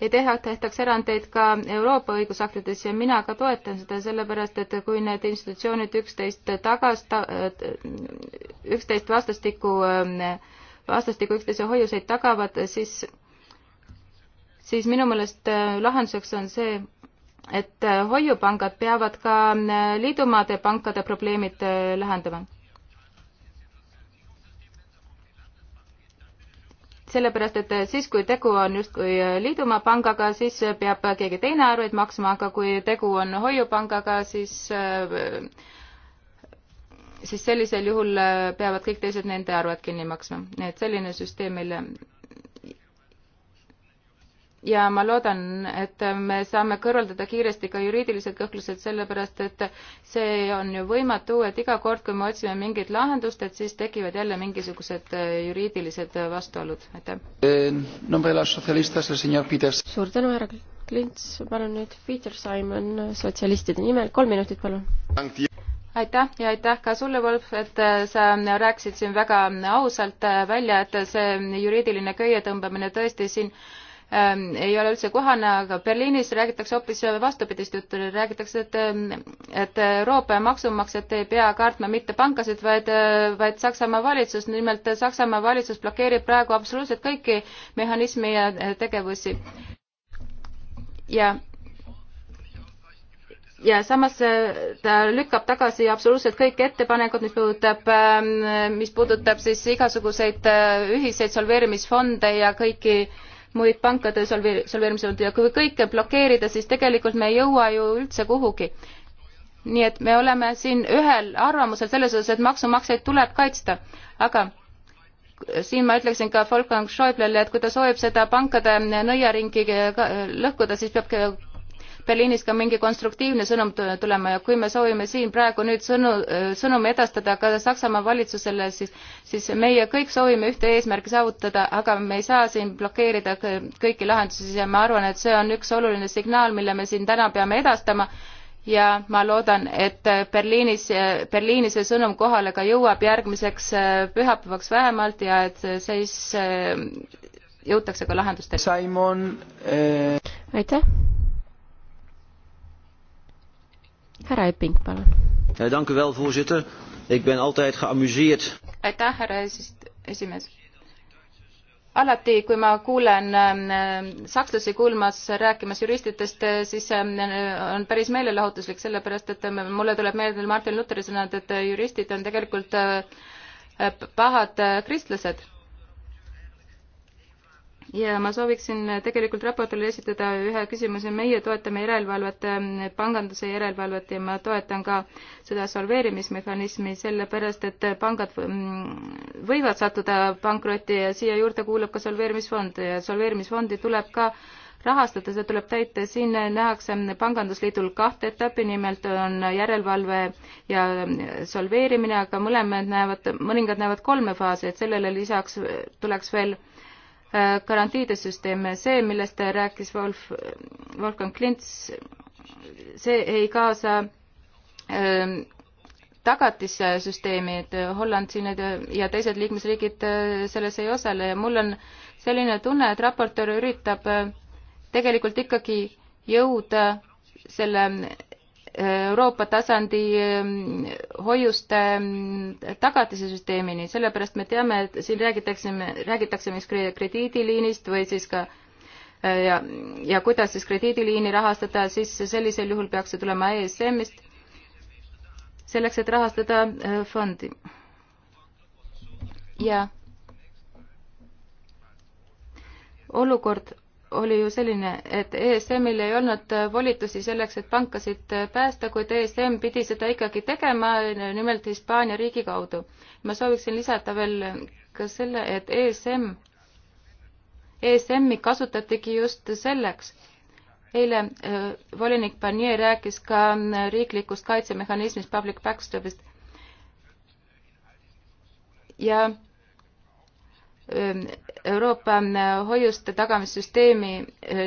D: ei teha, tehtaks erandeid ka Euroopa õigusaktides ja mina ka toetan seda, sellepärast et kui need institutsioonid üksteist tagas-, üksteist vastastikku, vastastikku üksteise hoiuseid tagavad, siis, siis minu meelest äh, lahenduseks on see, et äh, hoiupangad peavad ka äh, liidumaade pankade probleemid lahendama sellepärast et siis, kui tegu on justkui liidumaa pangaga, siis peab keegi teine arveid maksma, aga kui tegu on hoiupangaga, siis siis sellisel juhul peavad kõik teised nende arved kinni maksma. nii et selline süsteem meil ja ma loodan, et me saame kõrvaldada kiiresti ka juriidilised kõhklused, sellepärast et see on ju võimatu, et iga kord, kui me otsime mingit lahendust, et siis tekivad jälle mingisugused äh, juriidilised vastuolud, aitäh.
A: suur tänu, härra
D: Klints, palun nüüd Peter Simon
B: sotsialistide nimel, kolm minutit, palun
D: aitäh ja aitäh ka sulle, Wolf, et äh, sa rääkisid siin väga ausalt äh, välja, et see juriidiline köie tõmbamine tõesti siin äh, Ähm, ei ole üldse kohane, aga Berliinis räägitakse hoopis vastupidist juttu, räägitakse, et, ähm, et Euroopa maksumaksjad ei pea kartma mitte pankasid, vaid, äh, vaid Saksamaa valitsust, nimelt Saksamaa valitsus blokeerib praegu absoluutselt kõiki mehhanisme ja äh, tegevusi. ja ja samas äh, ta lükkab tagasi absoluutselt kõik ettepanekud, mis puudutab, ähm, mis puudutab siis igasuguseid ühiseid solveerimisfonde ja kõiki äh, muid pankade solveerimisel ja kui kõike blokeerida, siis tegelikult me ei jõua ju üldse kuhugi. nii et me oleme siin ühel arvamusel selles osas, et maksumaksjaid tuleb kaitsta, aga siin ma ütleksin ka Wolfgang Schäublele, et kui ta soovib seda pankade nõiaringi lõhkuda, siis peab Berliinist ka mingi konstruktiivne sõnum tulema ja kui me soovime siin praegu nüüd sõnu, sõnumi edastada ka Saksamaa valitsusele, siis, siis meie kõik soovime ühte eesmärki saavutada, aga me ei saa siin blokeerida kõiki lahendusi ja ma arvan, et see on üks oluline signaal, mille me siin täna peame edastama ja ma loodan, et Berliinis, Berliini see sõnum kohale ka jõuab järgmiseks pühapäevaks vähemalt ja et siis jõutakse ka lahendusteni. Simon äh.... aitäh. härra Epping, palun. aitäh, härra esimees alati, kui ma kuulen ähm, sakslasi kulmas rääkimas juristidest, äh, siis ähm, on päris meelelahutuslik, sellepärast et ähm, mulle tuleb meelde Martin Lutheri sõnad, et äh, juristid on tegelikult äh, pahad kristlased ja ma sooviksin tegelikult raportile esitada ühe küsimuse, meie toetame järelevalvet, panganduse järelevalvet ja ma toetan ka seda solveerimismehhanismi, sellepärast et pangad võivad sattuda pankrotti ja siia juurde kuulub ka solveerimisfond ja solveerimisfondi tuleb ka rahastada, see tuleb täita, siin nähakse Pangandusliidul kahte etappi, nimelt on järelevalve ja solveerimine, aga mõlemad näevad, mõningad näevad kolme faasi, et sellele lisaks tuleks veel äh, garantiide süsteem, see, millest rääkis Wolf, Wolfgang Klints, see ei kaasa ähm, tagatissüsteemi, et Holland siin ja teised liikmesriigid äh, selles ei osale ja mul on selline tunne, et raportöör üritab äh, tegelikult ikkagi jõuda selle Euroopa tasandi ehm, hoiuste ehm, tagatise süsteemini, sellepärast me teame, et siin räägitakse, räägitakse mis krediidiliinist või siis ka äh, ja, ja kuidas siis krediidiliini rahastada, siis sellisel juhul peaks see tulema ESM-ist, selleks, et rahastada äh, fondi. ja olukord oli ju selline, et ESM-il ei olnud volitusi selleks, et pankasid päästa, kuid ESM pidi seda ikkagi tegema, nimelt Hispaania riigi kaudu. ma sooviksin lisada veel ka selle, et ESM, ESM-i kasutatigi just selleks. eile äh, volinik Barnier rääkis ka äh, riiklikust kaitsemehhanismist, public backstopist. ja Euroopa hoiuste tagamissüsteemi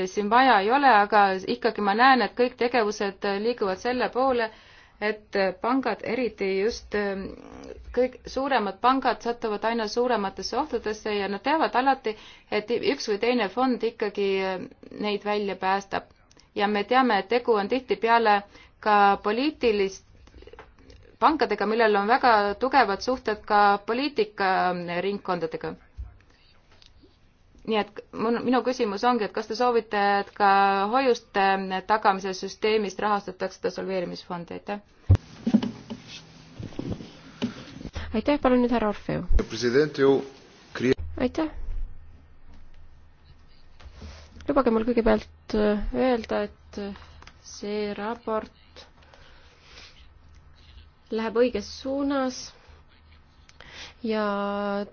D: siin vaja ei ole, aga ikkagi ma näen, et kõik tegevused liiguvad selle poole, et pangad, eriti just kõik suuremad pangad satuvad aina suurematesse ohtudesse ja nad teavad alati, et üks või teine fond ikkagi neid välja päästab. ja me teame, et tegu on tihtipeale ka poliitilist, pankadega, millel on väga tugevad suhted ka poliitikaringkondadega nii et minu küsimus ongi, et kas te soovite, et ka hoiuste eh, tagamise süsteemist rahastatakse desolveerimisfondi, aitäh? aitäh, palun nüüd härra Orfeu. aitäh.
B: lubage mul kõigepealt eh, öelda, et eh, see raport läheb õiges suunas ja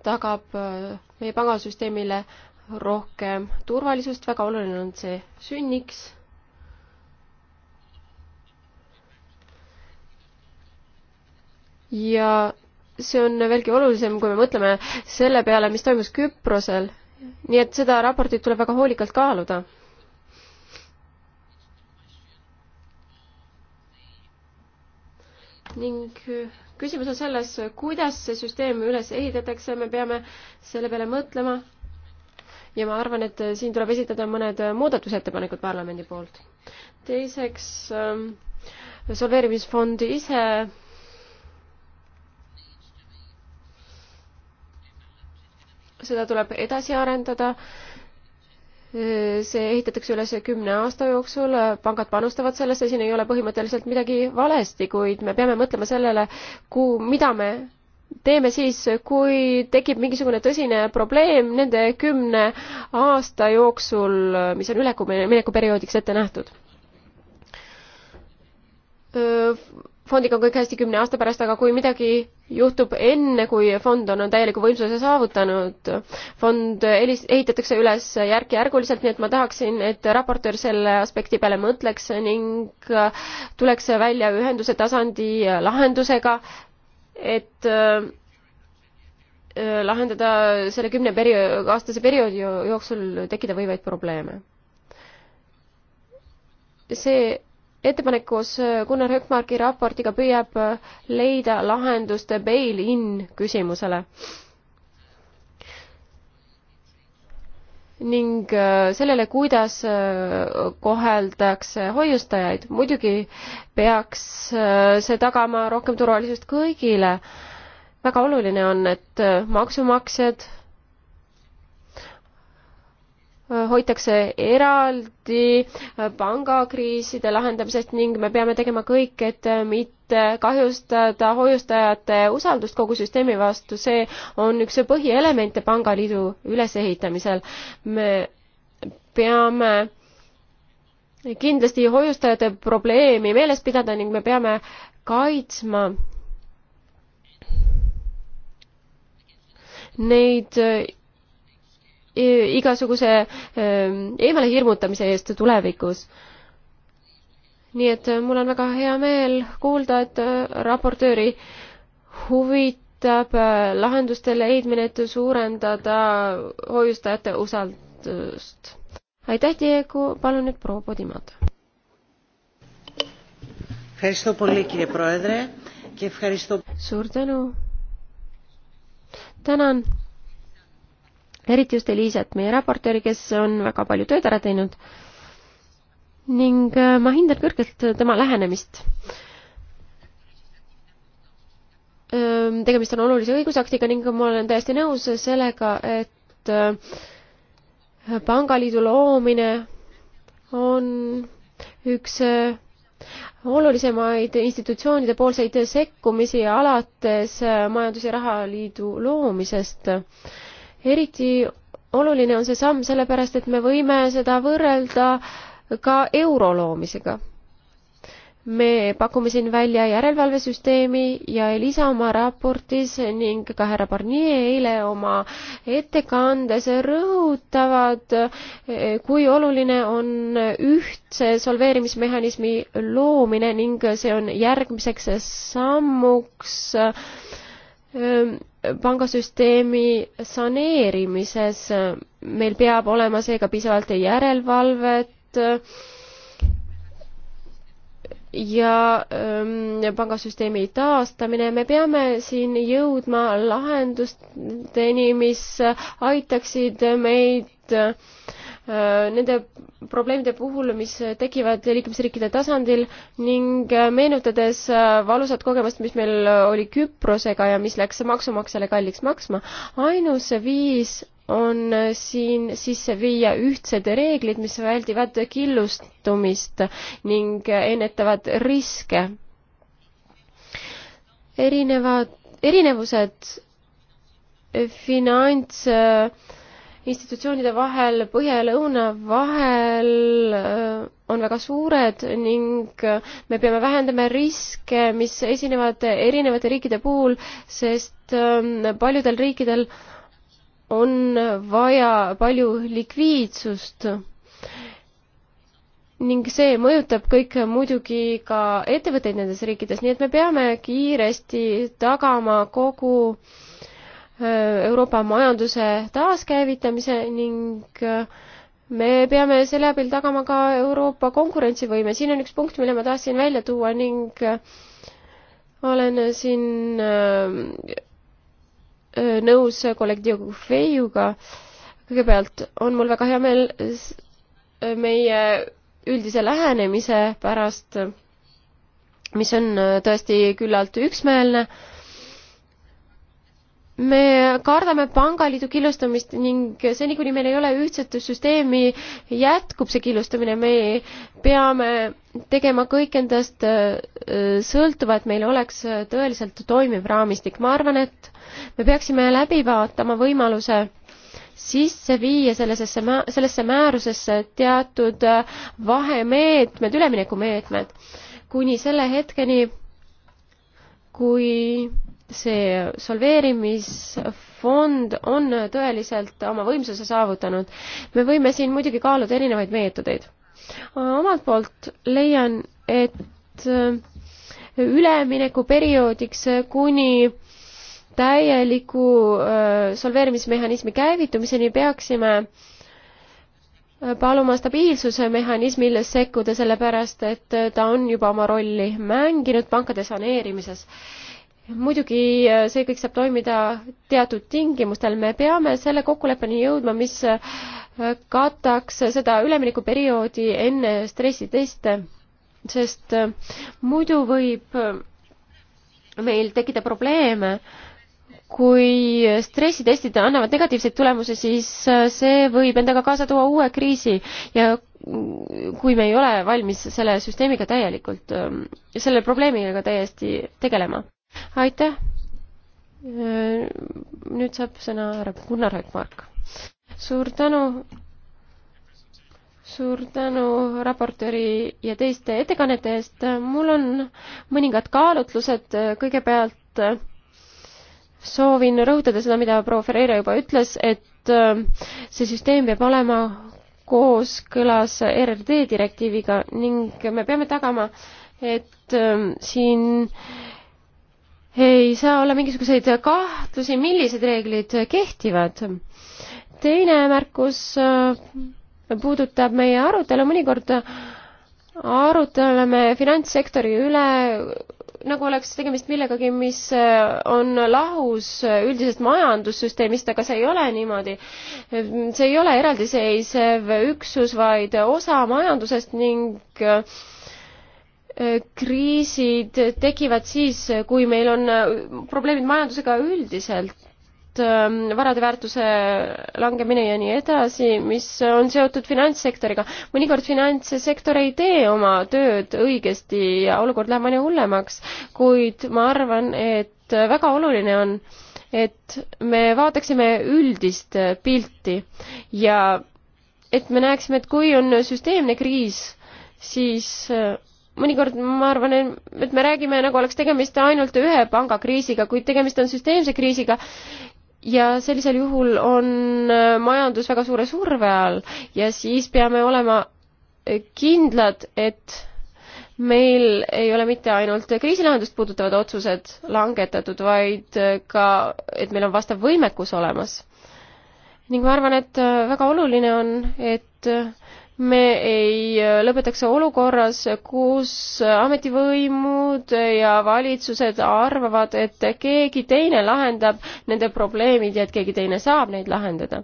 B: tagab meie pangasüsteemile äh, rohkem turvalisust, väga oluline on see sünniks. ja see on veelgi olulisem, kui me mõtleme selle peale, mis toimus Küprosel. nii et seda raportit tuleb väga hoolikalt kaaluda. ning küsimus on selles, kuidas see süsteem üles ehitatakse, me peame selle peale mõtlema ja ma arvan, et äh, siin tuleb esitada mõned äh, muudatusettepanekud parlamendi poolt. teiseks, ähm, solveerimisfond ise seda tuleb edasi arendada. Äh, see ehitatakse üles kümne aasta jooksul, pangad panustavad sellesse, siin ei ole põhimõtteliselt midagi valesti, kuid me peame mõtlema sellele, kuhu, mida me teeme siis, kui tekib mingisugune tõsine probleem nende kümne aasta jooksul, mis on üleminekuperioodiks ette nähtud? fondiga on kõik hästi kümne aasta pärast, aga kui midagi juhtub enne, kui fond on, on täieliku võimsuse saavutanud, fond elis-, ehitatakse üles järk-järguliselt, nii et ma tahaksin, et raportöör selle aspekti peale mõtleks ning tuleks välja ühenduse tasandi lahendusega, et äh, lahendada selle kümne perio-, aastase perioodi jooksul tekkida võivaid probleeme. see ettepanek koos Gunnar Hökmarki raportiga püüab leida lahendust bail-in küsimusele ning äh, sellele, kuidas äh, koheldakse hoiustajaid. muidugi peaks äh, see tagama rohkem turvalisust kõigile. väga oluline on, et maksumaksjad hoitakse eraldi pangakriiside lahendamisest ning me peame tegema kõik, et mitte mitte kahjustada hoiustajate usaldust kogu süsteemi vastu, see on üks põhielemente pangaliidu ülesehitamisel. me peame kindlasti hoiustajate probleemi meeles pidada ning me peame kaitsma neid eh, igasuguse eh, eemale hirmutamise eest tulevikus nii et äh, mul on väga hea meel kuulda, et äh, raportööri huvitab äh, lahenduste leidmine, et suurendada hoiustajate usaldust. aitäh, Diego, palun nüüd proua Podimata. suur tänu. tänan eriti just Eliisat, meie raportööri, kes on väga palju tööd ära teinud ning äh, ma hindan kõrgelt tema lähenemist. tegemist on olulise õigusaktiga ning ma olen täiesti nõus sellega, et äh, pangaliidu loomine on üks äh, olulisemaid institutsioonide poolseid sekkumisi alates Majandus- ja Rahaliidu loomisest. eriti oluline on see samm sellepärast, et me võime seda võrrelda äh, ka euro loomisega. me pakume siin välja järelevalvesüsteemi ja Elisa oma raportis ning ka härra Barnier eile oma ettekandes rõhutavad, kui oluline on ühtse solveerimismehhanismi loomine ning see on järgmiseks sammuks ähm, pangasüsteemi saneerimises meil peab olema seega piisavalt järelevalvet Äh, ja ähm, pangasüsteemi taastamine, me peame siin jõudma lahendusteni, mis aitaksid meid äh, nende probleemide puhul, mis tekivad liikmesriikide tasandil ning äh, meenutades äh, valusat kogemust, mis meil oli Küprosega ja mis läks maksumaksjale kalliks maksma, ainus viis on äh, siin sisse viia ühtsed reeglid, mis väldivad killustumist ning ennetavad riske. erinevad, erinevused finantsinstitutsioonide äh, vahel, põhja ja lõuna vahel äh, on väga suured ning me peame vähendama riske, mis esinevad erinevate riikide puhul, sest ähm, paljudel riikidel äh, on vaja palju likviidsust ning see mõjutab kõik muidugi ka ettevõtteid nendes riikides, nii et me peame kiiresti tagama kogu äh, Euroopa majanduse taaskäivitamise ning äh, me peame selle abil tagama ka Euroopa konkurentsivõime. siin on üks punkt, mille ma tahtsin välja tuua ning äh, olen siin nõus kolleeg Diego Feiuga. kõigepealt on mul väga hea meel meie üldise lähenemise pärast, mis on tõesti küllalt üksmeelne me kardame pangaliidu killustamist ning seni, kuni meil ei ole ühtset süsteemi, jätkub see killustamine, me peame tegema kõik endast äh, sõltuva, et meil oleks tõeliselt toimiv raamistik. ma arvan, et me peaksime läbi vaatama võimaluse sisse viia sellesesse, sellesse määrusesse teatud äh, vahemeetmed, üleminekumeetmed, kuni selle hetkeni, kui see solveerimisfond on tõeliselt oma võimsuse saavutanud. me võime siin muidugi kaaluda erinevaid meetodeid. omalt poolt leian, et äh, üleminekuperioodiks kuni täieliku äh, solveerimismehhanismi käivitumiseni peaksime äh, paluma stabiilsuse mehhanismile sekkuda, sellepärast et ta on juba oma rolli mänginud pankade saneerimises muidugi äh, see kõik saab toimida teatud tingimustel, me peame selle kokkuleppeni jõudma, mis äh, kataks seda üleminekuperioodi enne stressiteste, sest äh, muidu võib meil tekkida probleeme. kui stressitestid annavad negatiivseid tulemusi, siis see võib endaga kaasa tuua uue kriisi ja mm, kui me ei ole valmis selle süsteemiga täielikult, selle probleemiga täiesti tegelema aitäh. nüüd saab sõna härra Gunnar Hökmark. suur tänu. suur tänu raportööri ja teiste ettekannete eest. mul on mõningad kaalutlused. kõigepealt soovin rõhutada seda, mida proua Ferreira juba ütles, et see süsteem peab olema kooskõlas ERD direktiiviga ning me peame tagama, et siin äh, ei saa olla mingisuguseid kahtlusi, millised reeglid kehtivad. teine märkus äh, puudutab meie arutelu, mõnikord arutleme finantssektori üle, nagu oleks tegemist millegagi, mis äh, on lahus üldisest majandussüsteemist, aga see ei ole niimoodi. see ei ole eraldiseisev üksus, vaid osa majandusest ning äh, Äh, kriisid tekivad siis, kui meil on äh, probleemid majandusega üldiselt, ähm, varade väärtuse langemine ja nii edasi, mis on seotud finantssektoriga. mõnikord finantssektor ei tee oma tööd õigesti ja olukord läheb aina hullemaks, kuid ma arvan, et väga oluline on, et me vaataksime üldist pilti ja et me näeksime, et kui on süsteemne kriis, siis äh, mõnikord ma arvan, et me räägime, nagu oleks tegemist ainult ühe pangakriisiga, kuid tegemist on süsteemse kriisiga ja sellisel juhul on äh, majandus väga suure surve all ja siis peame olema äh, kindlad, et meil ei ole mitte ainult kriisilahendust puudutavad otsused langetatud, vaid äh, ka, et meil on vastav võimekus olemas. ning ma arvan, et väga oluline on, et me ei äh, lõpetaks olukorras, kus ametivõimud ja valitsused arvavad, et keegi teine lahendab nende probleemid ja et keegi teine saab neid lahendada.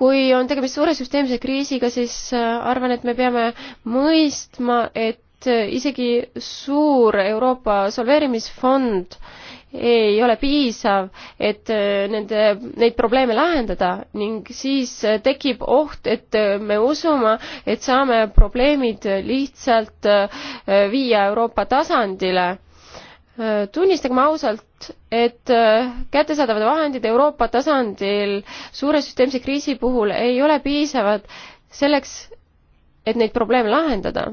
B: kui on tegemist suure süsteemse kriisiga, siis äh, arvan, et me peame mõistma, et äh, isegi suur Euroopa solveerimisfond äh, ei ole piisav, et äh, nende, neid probleeme lahendada ning siis äh, tekib oht, et äh, me usume, et saame probleemid lihtsalt viia Euroopa tasandile. tunnistagem ausalt, et kättesaadavad vahendid Euroopa tasandil suure süsteemse kriisi puhul ei ole piisavad selleks, et neid probleeme lahendada.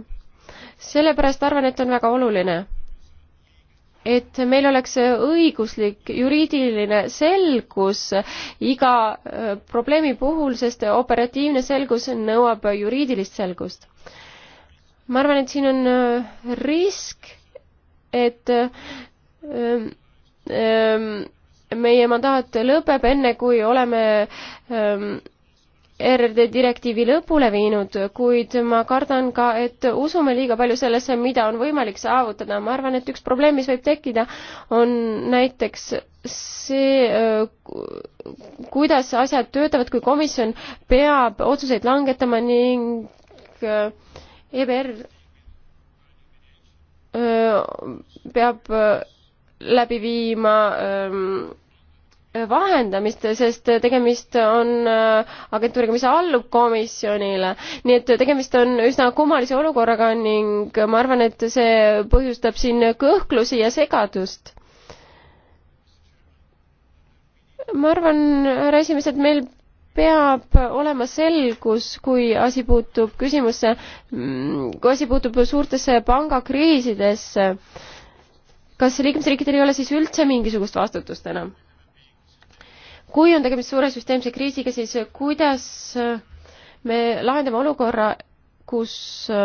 B: sellepärast arvan, et on väga oluline et meil oleks õiguslik juriidiline selgus iga äh, probleemi puhul, sest operatiivne selgus nõuab juriidilist selgust. ma arvan, et siin on äh, risk, et äh, meie mandaat lõpeb enne, kui oleme ERD direktiivi lõpule viinud, kuid ma kardan ka, et usume liiga palju sellesse, mida on võimalik saavutada. ma arvan, et üks probleem, mis võib tekkida, on näiteks see, äh, kuidas asjad töötavad, kui komisjon peab otsuseid langetama ning äh, EBR äh, peab läbi viima ähm, vahendamist, sest tegemist on äh, agentuuriga, mis allub komisjonile. nii et tegemist on üsna kummalise olukorraga ning ma arvan, et see põhjustab siin kõhklusi ja segadust. ma arvan, härra esimees, et meil peab olema selgus, kui asi puutub küsimusse, mm, kui asi puutub suurtesse pangakriisidesse. kas liikmesriikidel ei ole siis üldse mingisugust vastutust enam? kui on tegemist suure süsteemse kriisiga, siis kuidas äh, me lahendame olukorra, kus äh,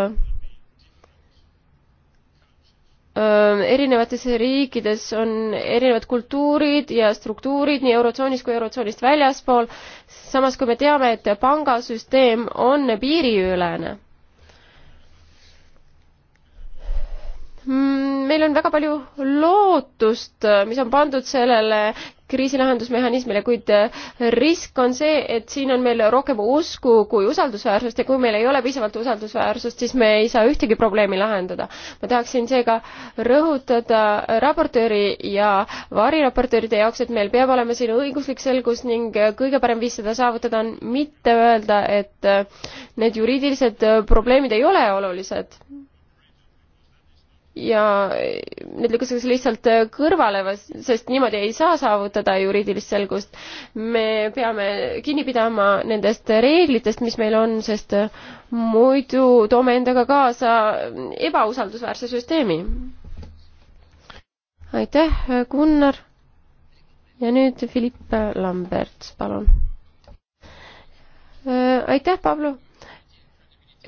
B: äh, erinevates riikides on erinevad kultuurid ja struktuurid nii Eurotsoonis kui Eurotsoonist väljaspool, samas kui me teame, et pangasüsteem on piiriülene Mm, meil on väga palju lootust, äh, mis on pandud sellele kriisilahendusmehhanismile, kuid äh, risk on see, et siin on meil rohkem usku kui usaldusväärsust ja kui meil ei ole piisavalt usaldusväärsust, siis me ei saa ühtegi probleemi lahendada. ma tahaksin seega rõhutada raportööri ja variraportööride jaoks, et meil peab olema siin õiguslik selgus ning äh, kõige parem viis seda saavutada on mitte öelda, et need juriidilised probleemid ei ole olulised ja need lükatakse lihtsalt kõrvale, sest niimoodi ei saa saavutada juriidilist selgust. me peame kinni pidama nendest reeglitest, mis meil on, sest muidu toome endaga kaasa ebausaldusväärse süsteemi. aitäh, Gunnar. ja nüüd Philipp Lambert, palun. aitäh, Pablo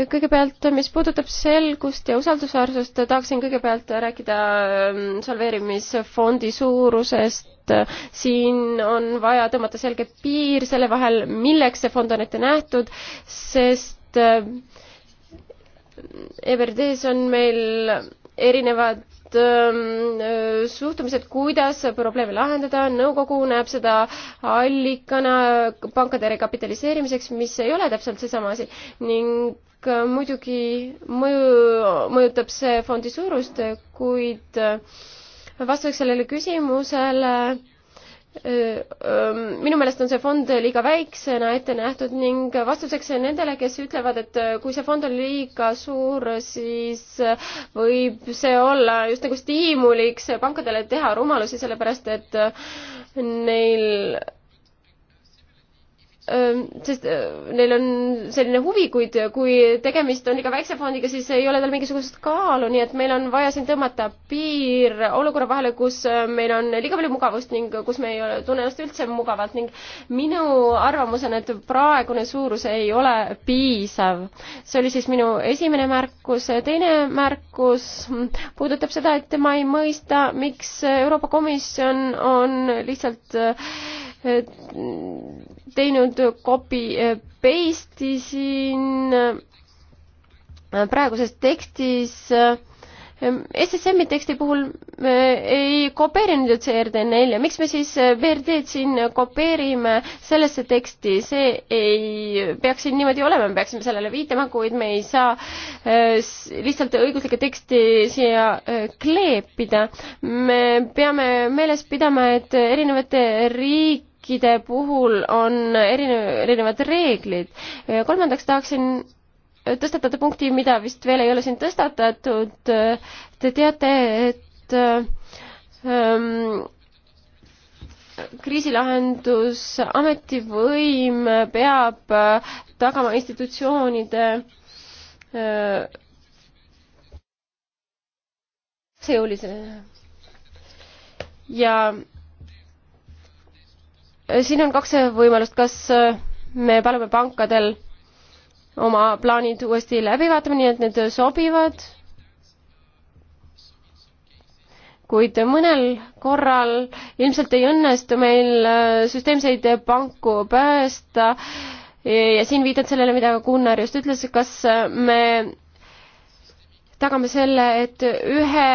B: kõigepealt, mis puudutab selgust ja usaldusväärsust, tahaksin kõigepealt rääkida ähm, salveerimisfondi suurusest. siin on vaja tõmmata selge piir selle vahel, milleks see fond on ette nähtud, sest äh, EBRD-s on meil erinevad ähm, suhtumised, kuidas probleeme lahendada, nõukogu näeb seda allikana pankade rekapitaliseerimiseks, mis ei ole täpselt seesama asi ning Äh, muidugi mõju, mõjutab see fondi suurust, kuid äh, vastuseks sellele küsimusele äh, minu meelest on see fond liiga väiksena ette nähtud ning vastuseks nendele, kes ütlevad, et kui see fond on liiga suur, siis võib see olla just nagu stiimuliks pankadele teha rumalusi, sellepärast et neil sest neil on selline huvi, kuid kui tegemist on liiga väikse fondiga, siis ei ole tal mingisugust kaalu, nii et meil on vaja siin tõmmata piir olukorra vahele, kus meil on liiga palju mugavust ning kus me ei ole, tunne ennast üldse mugavalt ning minu arvamus on, et praegune suurus ei ole piisav. see oli siis minu esimene märkus, teine märkus puudutab seda, et ma ei mõista, miks Euroopa Komisjon on lihtsalt äh, teinud copy paste'i siin äh, praeguses tekstis. Äh, SSM-i teksti puhul me ei kopeerinud ju CRD4 ja miks me siis BRD-d äh, siin kopeerime sellesse teksti, see ei peaks siin niimoodi olema, me peaksime sellele viitama, kuid me ei saa lihtsalt õiguslikke teksti siia kleepida. me peame meeles pidama, et erinevate riik-, riikide puhul on erinev, erinevad reeglid. kolmandaks tahaksin tõstatada punkti, mida vist veel ei ole siin tõstatatud. Te teate, et ähm, kriisilahendus, ametivõim peab äh, tagama institutsioonide äh, see oli see ja siin on kaks võimalust, kas äh, me palume pankadel oma plaanid uuesti läbi vaatama, nii et need sobivad. kuid mõnel korral ilmselt ei õnnestu meil äh, süsteemseid panku päästa ja siin viitad sellele, mida Gunnar just ütles, kas äh, me tagame selle, et ühe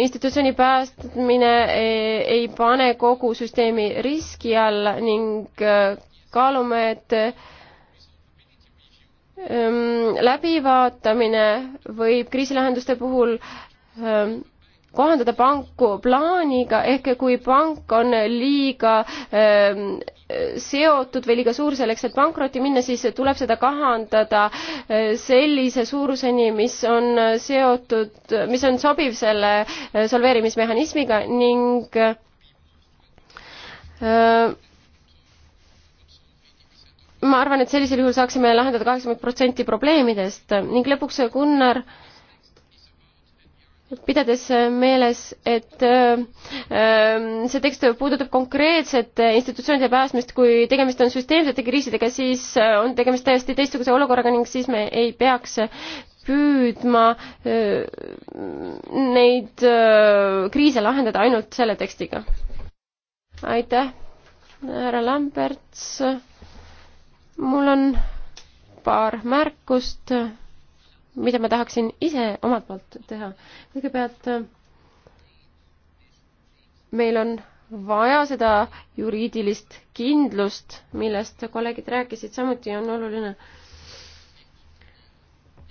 B: institutsiooni päästmine ei, ei pane kogu süsteemi riski alla ning äh, kaalume, et ähm, läbivaatamine võib kriisilahenduste puhul ähm, kohandada panku plaaniga, ehk kui pank on liiga ähm, seotud või liiga suur selleks, et pankrotti minna, siis tuleb seda kahandada äh, sellise suuruseni, mis on äh, seotud, mis on sobiv selle äh, solveerimismehhanismiga ning ma arvan, et sellisel juhul saaksime lahendada kaheksakümmend protsenti probleemidest ning lõpuks Gunnar äh, pidades meeles, et äh, ähm, see tekst puudutab konkreetset institutsioonide päästmist, kui tegemist on süsteemsete kriisidega, siis äh, on tegemist täiesti teistsuguse olukorraga ning siis me ei peaks püüdma äh, neid kriise lahendada ainult selle tekstiga. aitäh, härra Lamberts. mul on paar märkust mida ma tahaksin ise omalt poolt teha. kõigepealt äh, meil on vaja seda juriidilist kindlust, millest kolleegid rääkisid, samuti on oluline,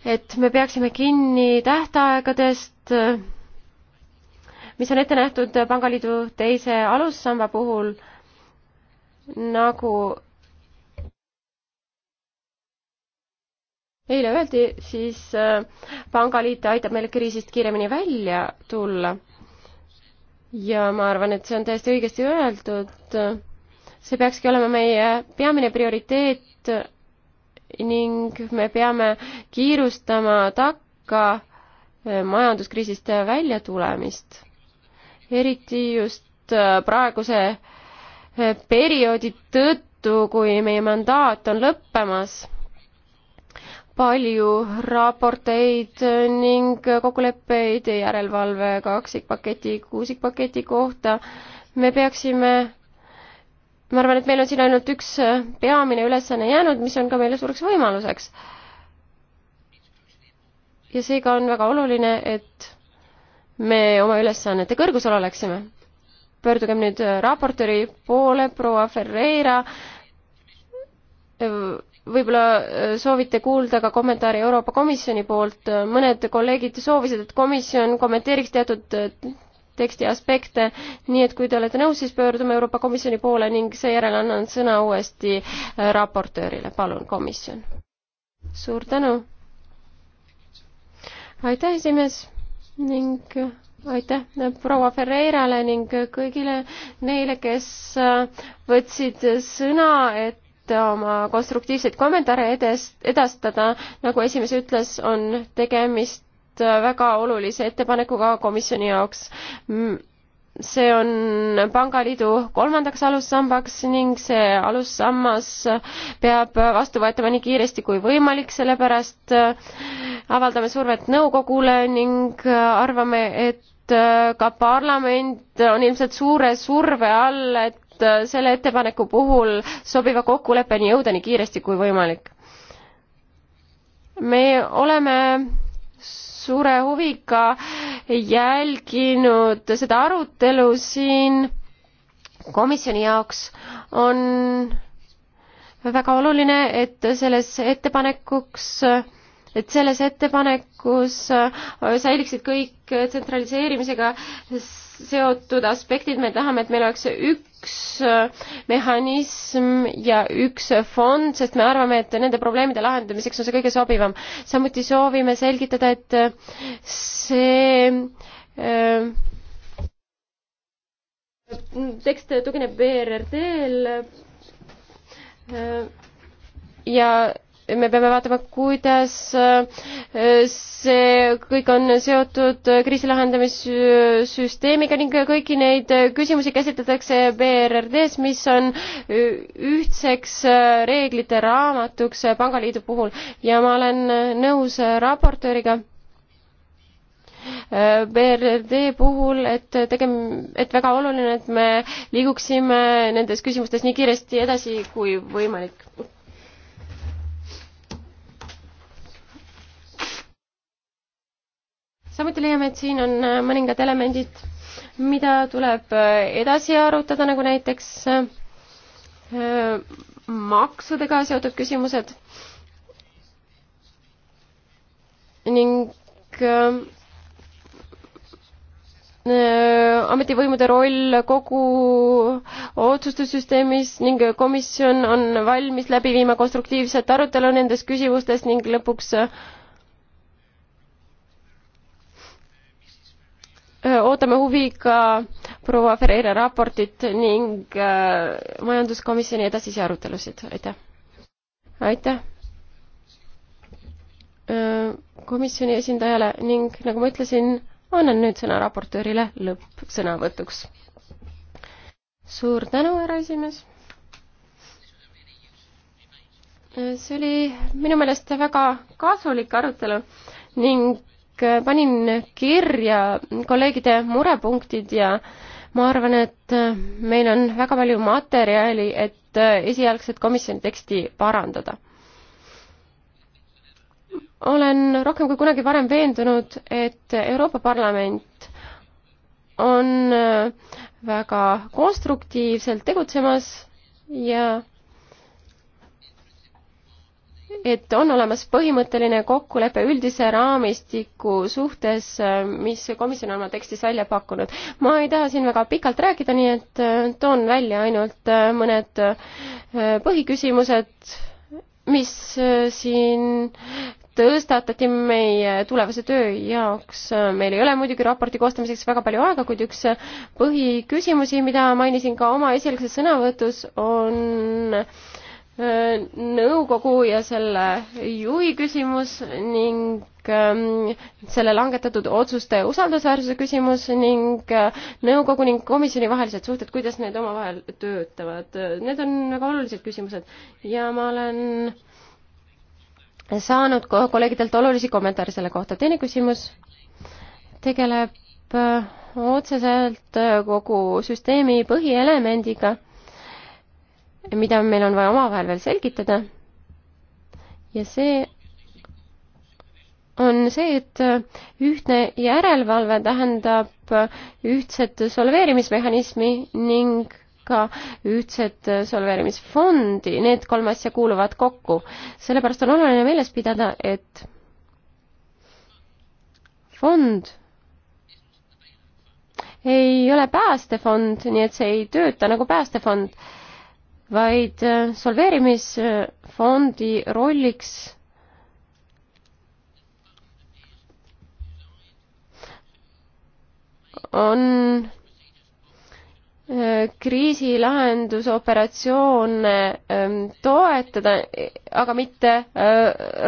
B: et me peaksime kinni tähtaegadest, äh, mis on ette nähtud Pangaliidu teise alussamba puhul, nagu eile öeldi, siis äh, pangaliit aitab meil kriisist kiiremini välja tulla. ja ma arvan, et see on täiesti õigesti öeldud. see peakski olema meie peamine prioriteet ning me peame kiirustama takka äh, majanduskriisist välja tulemist. eriti just äh, praeguse perioodi tõttu, kui meie mandaat on lõppemas palju raporteid ning kokkuleppeid järelevalve kaksikpaketi, kuusikpaketi kohta. me peaksime, ma arvan, et meil on siin ainult üks peamine ülesanne jäänud, mis on ka meile suureks võimaluseks. ja seega on väga oluline, et me oma ülesannete kõrgusel oleksime. pöördugem nüüd raportööri poole, proua Ferreira võib-olla äh, soovite kuulda ka kommentaari Euroopa Komisjoni poolt, mõned kolleegid soovisid, et komisjon kommenteeriks teatud äh, teksti aspekte, nii et kui te olete nõus, siis pöördume Euroopa Komisjoni poole ning seejärel annan sõna uuesti äh, raportöörile, palun, komisjon. suur tänu. aitäh, esimees ning aitäh proua Ferreirale ning kõigile neile, kes võtsid sõna, et oma konstruktiivseid kommentaare edes, edastada. nagu esimees ütles, on tegemist äh, väga olulise ettepanekuga komisjoni jaoks. see on Pangaliidu kolmandaks alussambaks ning see alussammas peab vastu võetama nii kiiresti kui võimalik, sellepärast äh, avaldame survet nõukogule ning äh, arvame, et ka parlament on ilmselt suure surve all, et et äh, selle ettepaneku puhul sobiva kokkuleppeni jõuda nii kiiresti kui võimalik. me oleme suure huviga jälginud seda arutelu siin. komisjoni jaoks on väga oluline, et selles ettepanekuks, et selles ettepanekus säiliksid kõik tsentraliseerimisega seotud aspektid, me tahame, et meil oleks üks üks äh, mehhanism ja üks äh, fond, sest me arvame, et nende probleemide lahendamiseks on see kõige sobivam. samuti soovime selgitada, et äh, see äh, tekst tugineb BRRD-l äh, ja me peame vaatama, kuidas äh, see kõik on seotud kriisi lahendamissüsteemiga ning kõiki neid küsimusi käsitletakse BRRD-s, mis on ühtseks reeglite raamatuks Pangaliidu puhul ja ma olen nõus raportööriga äh, BRD puhul, et tegem-, et väga oluline, et me liiguksime nendes küsimustes nii kiiresti edasi kui võimalik samuti leiame, et siin on äh, mõningad elemendid, mida tuleb äh, edasi arutada, nagu näiteks äh, maksudega seotud küsimused ning ametivõimude roll kogu otsustussüsteemis ning komisjon on valmis läbi viima konstruktiivset arutelu nendes küsimustes ning lõpuks äh, ootame huviga proua Ferreira raportit ning majanduskomisjoni edasisi arutelusid, aitäh. aitäh komisjoni esindajale ning nagu ma ütlesin, annan nüüd sõna raportöörile lõppsõnavõtuks. suur tänu, härra esimees. see oli minu meelest väga kasulik arutelu ning Äh, panin kirja kolleegide murepunktid ja ma arvan, et äh, meil on väga palju materjali, et äh, esialgset komisjoni teksti parandada. olen rohkem kui kunagi varem veendunud, et Euroopa Parlament on väga konstruktiivselt tegutsemas ja et on olemas põhimõtteline kokkulepe üldise raamistiku suhtes, mis komisjon on oma tekstis välja pakkunud. ma ei taha siin väga pikalt rääkida, nii et äh, toon välja ainult äh, mõned äh, põhiküsimused, mis siin tõstatati meie tulevase töö jaoks. meil ei ole muidugi raporti koostamiseks väga palju aega, kuid üks põhiküsimusi, mida mainisin ka oma esialgses sõnavõtus, on äh, Äh, nõukogu ja selle juhi küsimus ning ähm, selle langetatud otsuste usaldusväärsuse küsimus ning äh, nõukogu ning komisjoni vahelised suhted, kuidas need omavahel töötavad. Äh, need on väga olulised küsimused ja ma olen saanud kolleegidelt olulisi kommentaare selle kohta. teine küsimus tegeleb otseselt kogu süsteemi põhielemendiga mida meil on vaja omavahel veel selgitada. ja see on see, et ühtne järelevalve tähendab ühtset solveerimismehhanismi ning ka ühtset solveerimisfondi, need kolm asja kuuluvad kokku. sellepärast on oluline meeles pidada, et fond ei ole päästefond, nii et see ei tööta nagu päästefond vaid äh, solveerimisfondi rolliks on kriisilahendusoperatsioone ähm, toetada, aga mitte äh,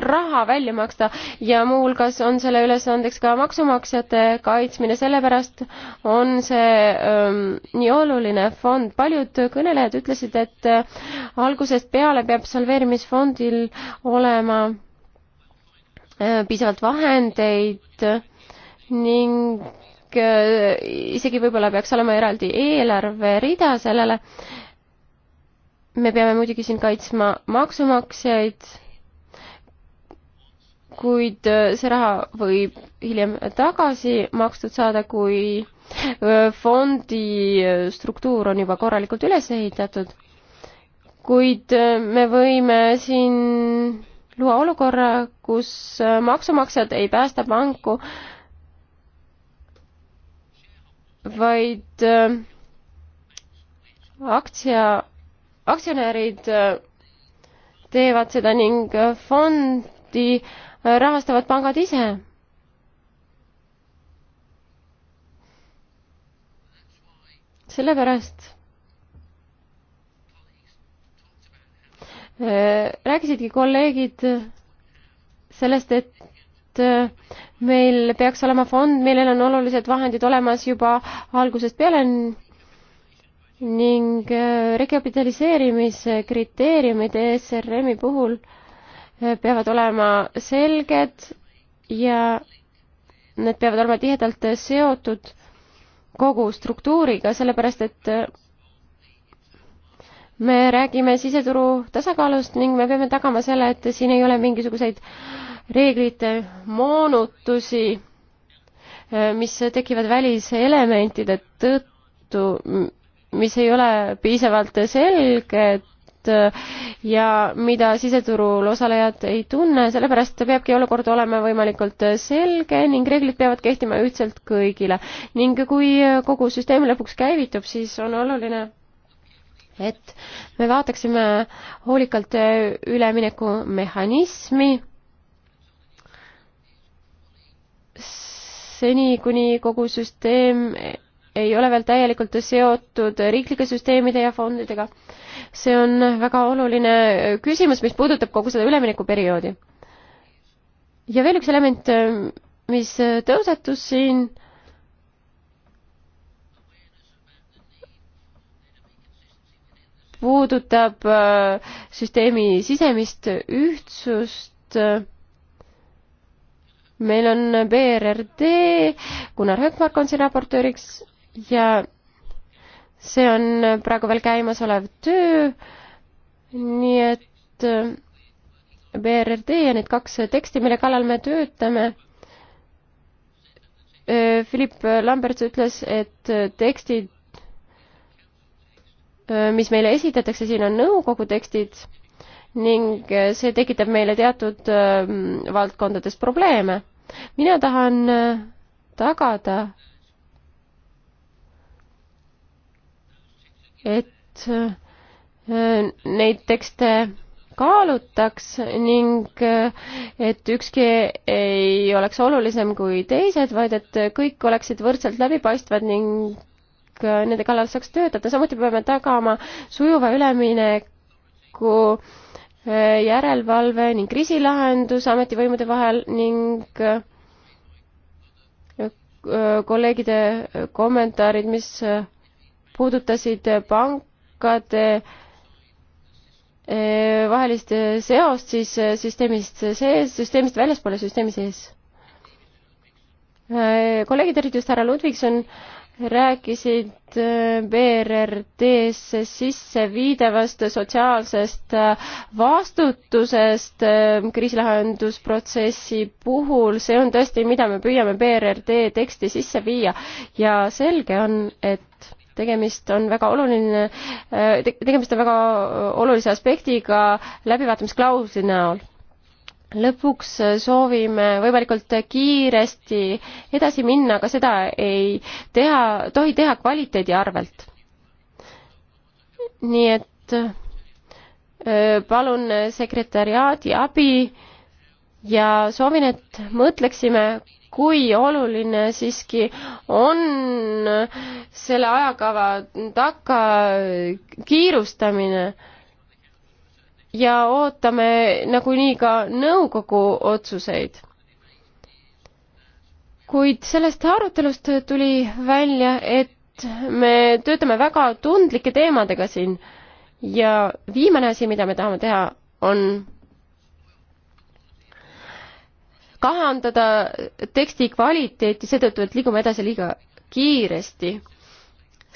B: raha välja maksta ja muuhulgas on selle ülesandeks ka maksumaksjate kaitsmine, sellepärast on see ähm, nii oluline fond. paljud kõnelejad ütlesid, et äh, algusest peale peab salveerimisfondil olema äh, piisavalt vahendeid ning Äh, isegi võib-olla peaks olema eraldi eelarverida sellele. me peame muidugi siin kaitsma maksumaksjaid, kuid äh, see raha võib hiljem tagasi makstud saada, kui äh, fondi struktuur on juba korralikult üles ehitatud. kuid me võime siin luua olukorra, kus maksumaksjad ei päästa panku äh, vaid äh, aktsia, aktsionärid äh, teevad seda ning äh, fondi rahastavad pangad ise sellepärast rääkisidki kolleegid sellest, et et äh, meil peaks olema fond, millel on olulised vahendid olemas juba algusest peale ning äh, rekapitaliseerimise kriteeriumid ESRM-i puhul äh, peavad olema selged ja need peavad olema tihedalt seotud kogu struktuuriga, sellepärast et me räägime siseturu tasakaalust ning me peame tagama selle, et siin ei ole mingisuguseid äh, reeglite moonutusi, eh, mis tekivad väliselementide tõttu, mis ei ole piisavalt selged eh, ja mida siseturul osalejad ei tunne, sellepärast peabki olukord olema võimalikult selge ning reeglid peavad kehtima ühtselt kõigile. ning kui kogu süsteem lõpuks käivitub, siis on oluline et me vaataksime hoolikalt üleminekumehhanismi seni, kuni kogu süsteem ei ole veel täielikult seotud riiklike süsteemide ja fondidega. see on väga oluline küsimus, mis puudutab kogu seda üleminekuperioodi. ja veel üks element, mis tõusetus siin, puudutab äh, süsteemi sisemist ühtsust meil on BRRD, Gunnar Hökmark on siin raportööriks ja see on praegu veel käimasolev töö, nii et äh, BRRD ja need kaks teksti, mille kallal me töötame, äh, Philip Lamberts ütles, et äh, tekstid, mis meile esitatakse, siin on nõukogu tekstid ning äh, see tekitab meile teatud ähm, valdkondades probleeme. mina tahan äh, tagada, et äh, neid tekste kaalutaks ning et ükski ei oleks olulisem kui teised, vaid et kõik oleksid võrdselt läbipaistvad ning nende kallal saaks töötada, samuti peame tagama sujuva ülemineku Äh, järelevalve ning kriisilahendus ametivõimude vahel ning äh, äh, kolleegide kommentaarid, mis puudutasid pankade vahelist seost siis süsteemist sees, süsteemist väljaspool ja süsteemi sees. kolleegid, eriti just härra Ludvigson rääkisid äh, BRRD-sse sisse viidavast sotsiaalsest äh, vastutusest äh, kriisilahendusprotsessi puhul, see on tõesti, mida me püüame BRRD teksti sisse viia ja selge on, et tegemist on väga oluline, tegemist on väga olulise aspektiga läbivaatamisklausli näol lõpuks äh, soovime võimalikult kiiresti edasi minna, aga seda ei teha, tohi teha kvaliteedi arvelt. nii et äh, palun sekretäriaadi abi ja soovin, et mõtleksime, kui oluline siiski on selle ajakava taga kiirustamine ja ootame nagunii ka nõukogu otsuseid. kuid sellest arutelust tuli välja, et me töötame väga tundlike teemadega siin ja viimane asi, mida me tahame teha, on kahandada teksti kvaliteeti seetõttu, et liigume edasi liiga kiiresti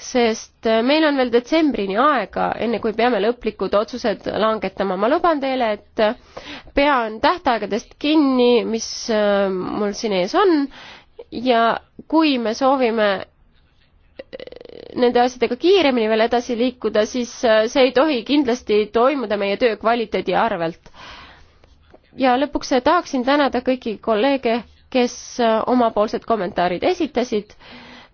B: sest äh, meil on veel detsembrini aega, enne kui peame lõplikud otsused langetama. ma luban teile, et äh, pean tähtaegadest kinni, mis äh, mul siin ees on ja kui me soovime nende asjadega kiiremini veel edasi liikuda, siis see ei tohi kindlasti toimuda meie töö kvaliteedi arvelt. ja lõpuks tahaksin tänada kõiki kolleege, kes omapoolsed kommentaarid esitasid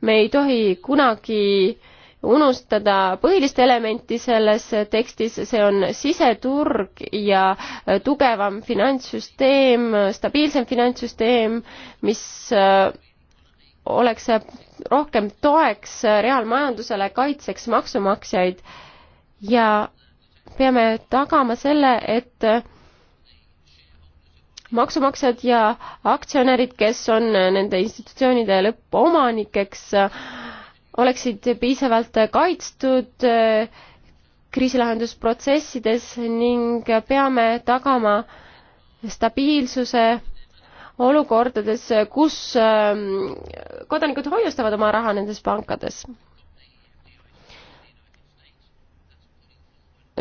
B: me ei tohi kunagi unustada põhilist elementi selles tekstis, see on siseturg ja tugevam finantssüsteem, stabiilsem finantssüsteem, mis äh, oleks rohkem toeks reaalmajandusele, kaitseks maksumaksjaid ja peame tagama selle, et maksumaksjad ja aktsionärid, kes on nende institutsioonide lõppomanikeks, oleksid piisavalt kaitstud äh, kriisilahendusprotsessides ning peame tagama stabiilsuse olukordades, kus äh, kodanikud hoiustavad oma raha nendes pankades.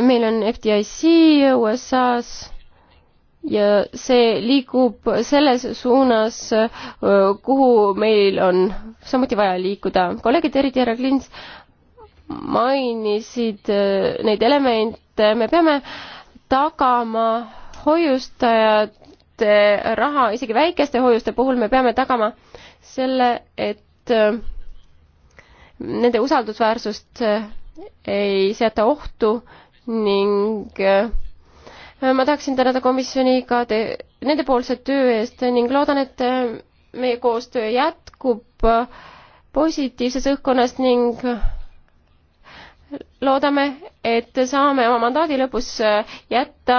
B: meil on FDIC USA-s ja see liigub selles suunas, kuhu meil on samuti vaja liikuda. kolleegid, eriti härra Klints, mainisid neid elemente, me peame tagama hoiustajate raha, isegi väikeste hoiuste puhul me peame tagama selle, et nende usaldusväärsust ei seata ohtu ning Äh, ma tahaksin tänada komisjoni ka te, nendepoolse töö eest ning loodan, et äh, meie koostöö jätkub äh, positiivses õhkkonnas ning loodame, et saame oma mandaadi lõpus jätta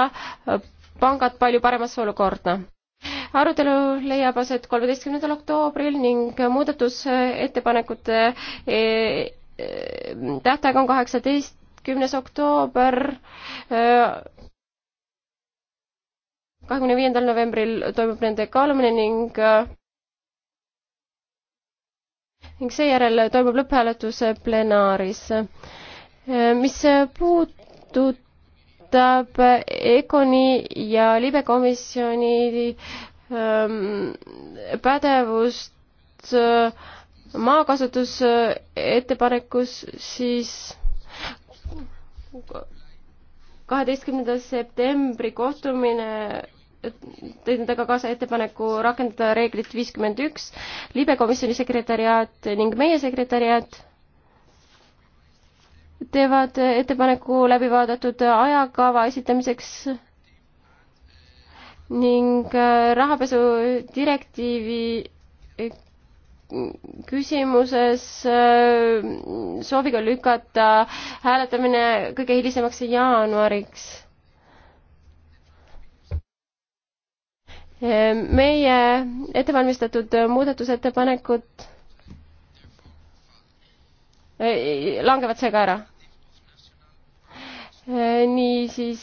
B: pangad palju paremasse olukorda. arutelu leiab aset kolmeteistkümnendal oktoobril ning muudatusettepanekute e, e, tähtaeg on kaheksateistkümnes oktoober kahekümne viiendal novembril toimub nende kaalumine ning äh, ning seejärel toimub lõpphääletus plenaaris. Äh, mis puudutab EKONi ja libe komisjoni ähm, pädevust äh, maakasutusettepanekus, siis kaheteistkümnenda septembri kohtumine tõid endaga kaasa ettepaneku rakendada reeglit viiskümmend üks, libe komisjoni sekretäriaat ning meie sekretäriaat teevad ettepaneku läbivaadatud ajakava esitamiseks ning äh, rahapesu direktiivi äh, küsimuses äh, sooviga lükata hääletamine kõige hilisemaks jaanuariks meie ettevalmistatud muudatusettepanekud langevad seega ära. niisiis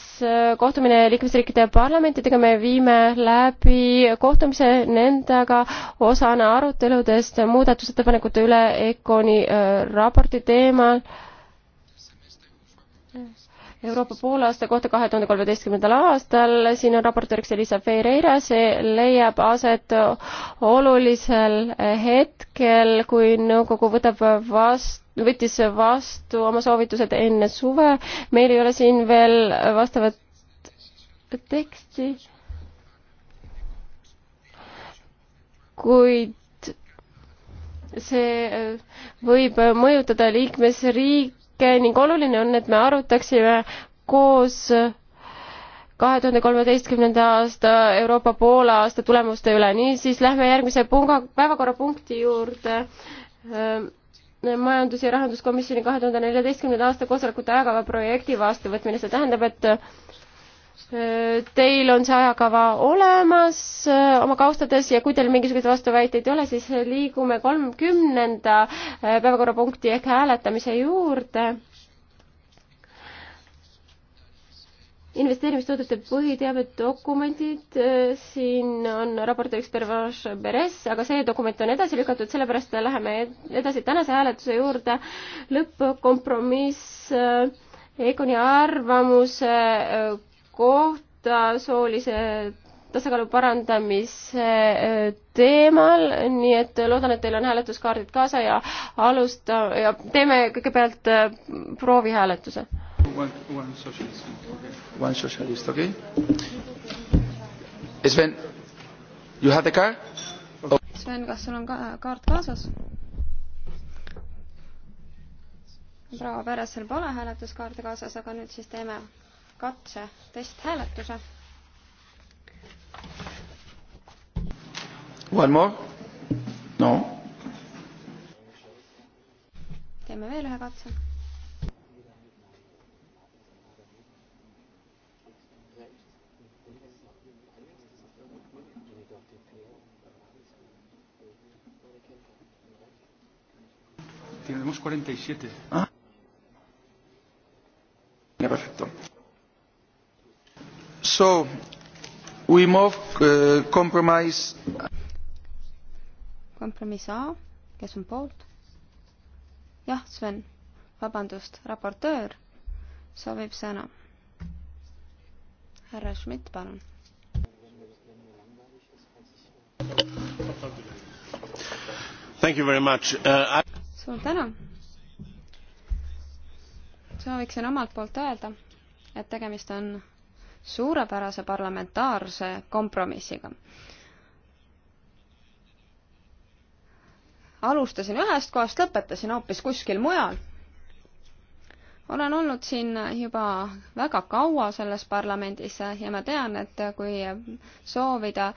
B: kohtumine liikmesriikide parlamentidega, me viime läbi kohtumise nendega osana aruteludest muudatusettepanekute üle EKONi äh, raporti teemal. Euroopa poolaasta kohta kahe tuhande kolmeteistkümnendal aastal, siin on raportööriks Elisa Ferreira, see leiab aset olulisel hetkel, kui nõukogu võtab vastu võttis vastu oma soovitused enne suve, meil ei ole siin veel vastavat teksti, kuid see võib mõjutada liikmesriik, eesmärke ning oluline on, et me arutaksime koos kahe tuhande kolmeteistkümnenda aasta Euroopa poole aasta tulemuste üle. niisiis lähme järgmise punga, päevakorrapunkti juurde ähm,. majandus- ja rahanduskomisjoni kahe tuhande neljateistkümnenda aasta koosolekute ajakava projekti vastuvõtmine, see tähendab, et Äh, teil on see ajakava olemas äh, oma kaustades ja kui teil mingisuguseid vastuväiteid ei ole, siis liigume kolmkümnenda äh, päevakorrapunkti ehk hääletamise juurde. investeerimistoodete põhiteabedokumendid, siin on raportööriks Pervaš Beres, aga see dokument on edasi lükatud, sellepärast läheme edasi tänase hääletuse juurde. lõppkompromiss Egoni arvamuse kohta soolise tasakaalu parandamise äh, teemal, nii et loodan, et teil on hääletuskaardid kaasa ja alusta ja teeme kõigepealt äh, proovihääletuse.
A: One, one socialist, okay. One socialist, okay. Sven, you have the car oh.?
C: Sven, kas sul on ka kaart kaasas? proua Peresel pole hääletuskaarte kaasas, aga nüüd siis teeme katse testhääletuse.
A: One more? no.
C: teeme veel ühe katse.
A: Tenemos 47. Ah. So we move uh, compromise.
C: kompromiss A, kes on poolt? jah, Sven, vabandust, raportöör soovib sõna. härra Schmidt, palun.
E: Thank you very much uh,. I...
C: suur tänu. sooviksin omalt poolt öelda, et tegemist on suurepärase parlamentaarse kompromissiga. alustasin ühest kohast, lõpetasin hoopis kuskil mujal. olen olnud siin juba väga kaua selles parlamendis ja ma tean, et kui soovida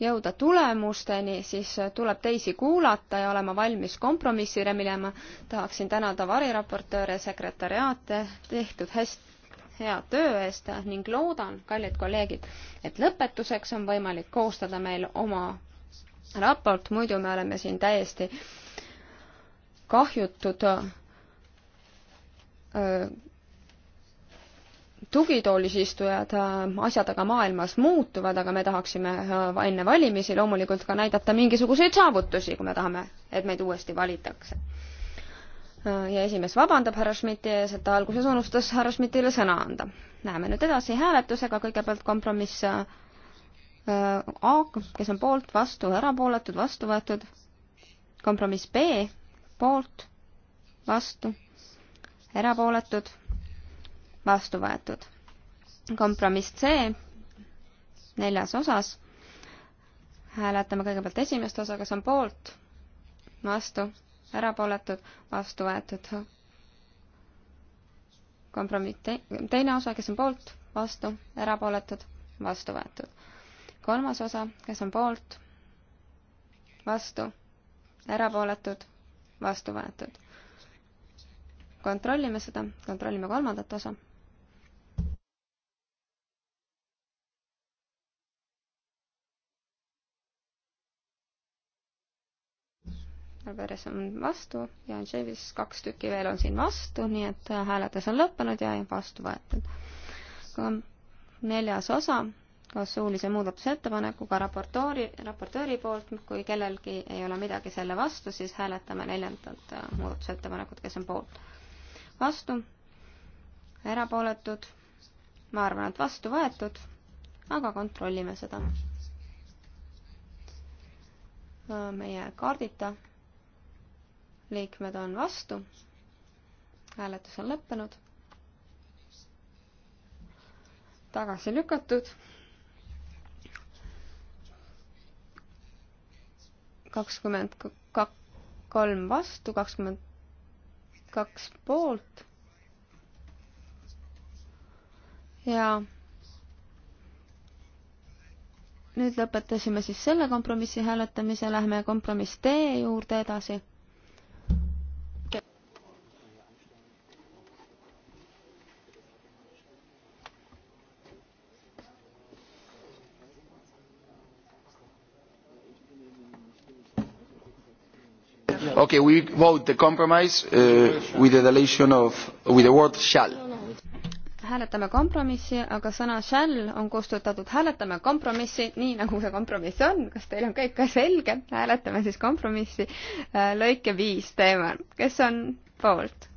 C: jõuda tulemusteni, siis tuleb teisi kuulata ja olema valmis kompromissile minema. tahaksin tänada variraportööre, sekretäriaate tehtud hästi hea töö eest ning loodan, kallid kolleegid, et lõpetuseks on võimalik koostada meil oma raport, muidu me oleme siin täiesti kahjutud öö, tugitoolis istujad, asjad aga maailmas muutuvad, aga me tahaksime enne valimisi loomulikult ka näidata mingisuguseid saavutusi, kui me tahame, et meid uuesti valitakse Äh, ja esimees vabandab härra Schmidti ees, et ta alguses unustas härra Schmidtile sõna anda. Läheme nüüd edasi hääletusega, kõigepealt kompromiss äh, äh, A, kes on poolt, vastu, erapooletud, vastu võetud. kompromiss B, poolt, vastu, erapooletud, vastu võetud. kompromiss C, neljas osas. hääletame kõigepealt esimest osa, kas on poolt, vastu erapooletud, vastu võetud. kompromiss te-, teine osa, kes on poolt, vastu, erapooletud, vastu võetud. kolmas osa, kes on poolt, vastu, erapooletud, vastu võetud. kontrollime seda, kontrollime kolmandat osa Alvarez on vastu ja Javis kaks tükki veel on siin vastu, nii et äh, hääletus on lõppenud ja vastu võetud. neljas osa koos suulise muudatusettepanekuga raportööri, raportööri poolt, kui kellelgi ei ole midagi selle vastu, siis hääletame neljandat äh, muudatusettepanekut, kes on poolt. vastu, erapooletud, ma arvan, et vastu võetud, aga kontrollime seda. Äh, meie kaardita liikmed on vastu. hääletus on lõppenud. tagasi lükatud. kakskümmend kolm vastu, kakskümmend kaks poolt. ja nüüd lõpetasime siis selle kompromissi hääletamise, lähme kompromiss D juurde edasi
A: Okay, we vote the compromise uh, with the deletion of, with the word shall.
C: hääletame kompromissi, aga sõna shall on kustutatud, hääletame kompromissi nii, nagu see kompromiss on, kas teil on kõik ka selge, hääletame siis kompromissi äh, lõike viis teemal, kes on poolt?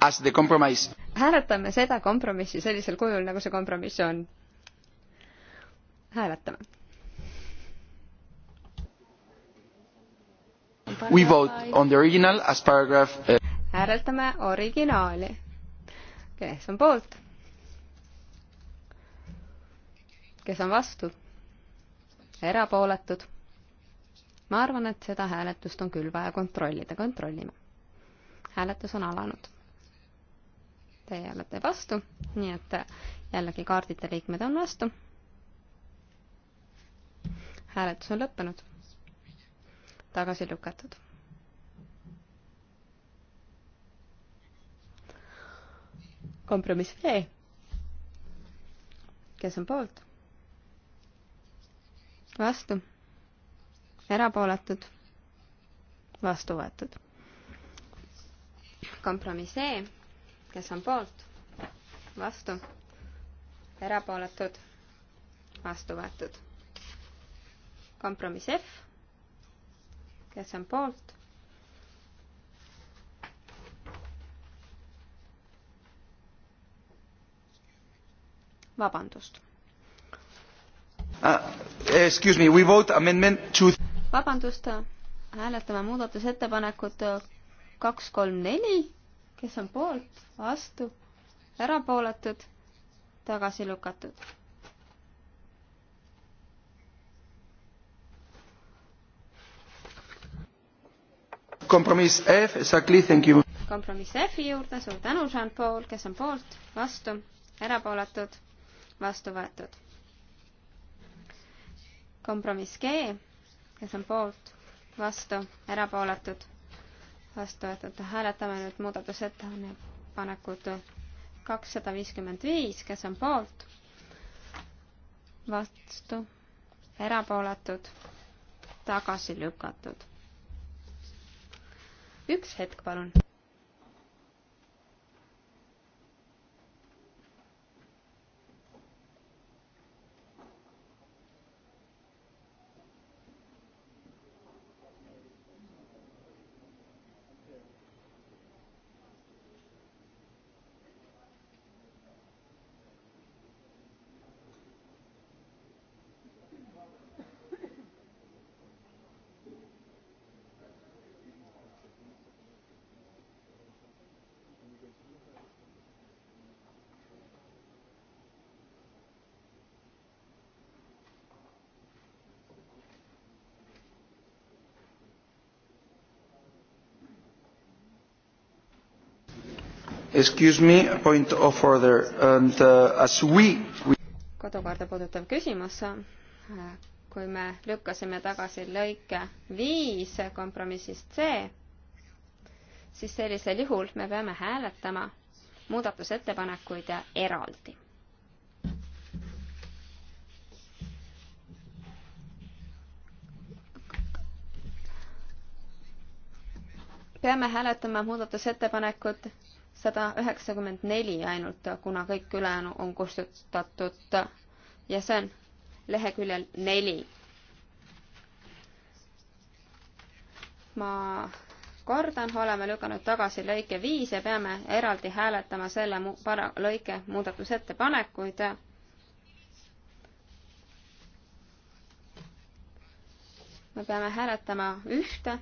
A: As the compromise.
C: hääletame seda kompromissi sellisel kujul, nagu see kompromiss on. hääletame We vote on the original as paragraph uh... hääletame originaali. kes on poolt? kes on vastu? erapooletud? ma arvan, et seda hääletust on küll vaja kontrollida, kontrollime. hääletus on alanud. Teie olete vastu, nii et jällegi kaardite liikmed on vastu. hääletus on lõppenud tagasi lükatud. kompromiss V. kes on poolt? vastu. erapooletud. vastu võetud. kompromiss E. kes on poolt? vastu. erapooletud. vastu võetud. kompromiss F kes on poolt? vabandust
A: ah, excuse me, we vote amendment two.
C: vabandust, hääletame muudatusettepanekut kaks, kolm, neli, kes on poolt, vastu, erapooletud, tagasi lükatud
A: kompromiss F exactly, thank you.
C: kompromiss F-i juurde, suur tänu, Jean-Paul, kes on poolt, vastu, erapooletud, vastu võetud. kompromiss G, kes on poolt, vastu, erapooletud, vastu võetud. hääletame nüüd muudatusettepanekut kakssada viiskümmend viis, kes on poolt, vastu, erapooletud, tagasi lükatud üks hetk, palun.
A: Excuse me, point of order and uh, as we, we...
C: kodukorda puudutav küsimus. kui me lükkasime tagasi lõike viis kompromissist C, siis sellisel juhul me peame hääletama muudatusettepanekuid eraldi. peame hääletama muudatusettepanekut sada üheksakümmend neli ainult, kuna kõik ülejäänu on kustutatud ja see on leheküljel neli. ma kordan, oleme lükanud tagasi lõike viis ja peame eraldi hääletama selle mu-, para-, lõike muudatusettepanekuid me peame hääletama ühte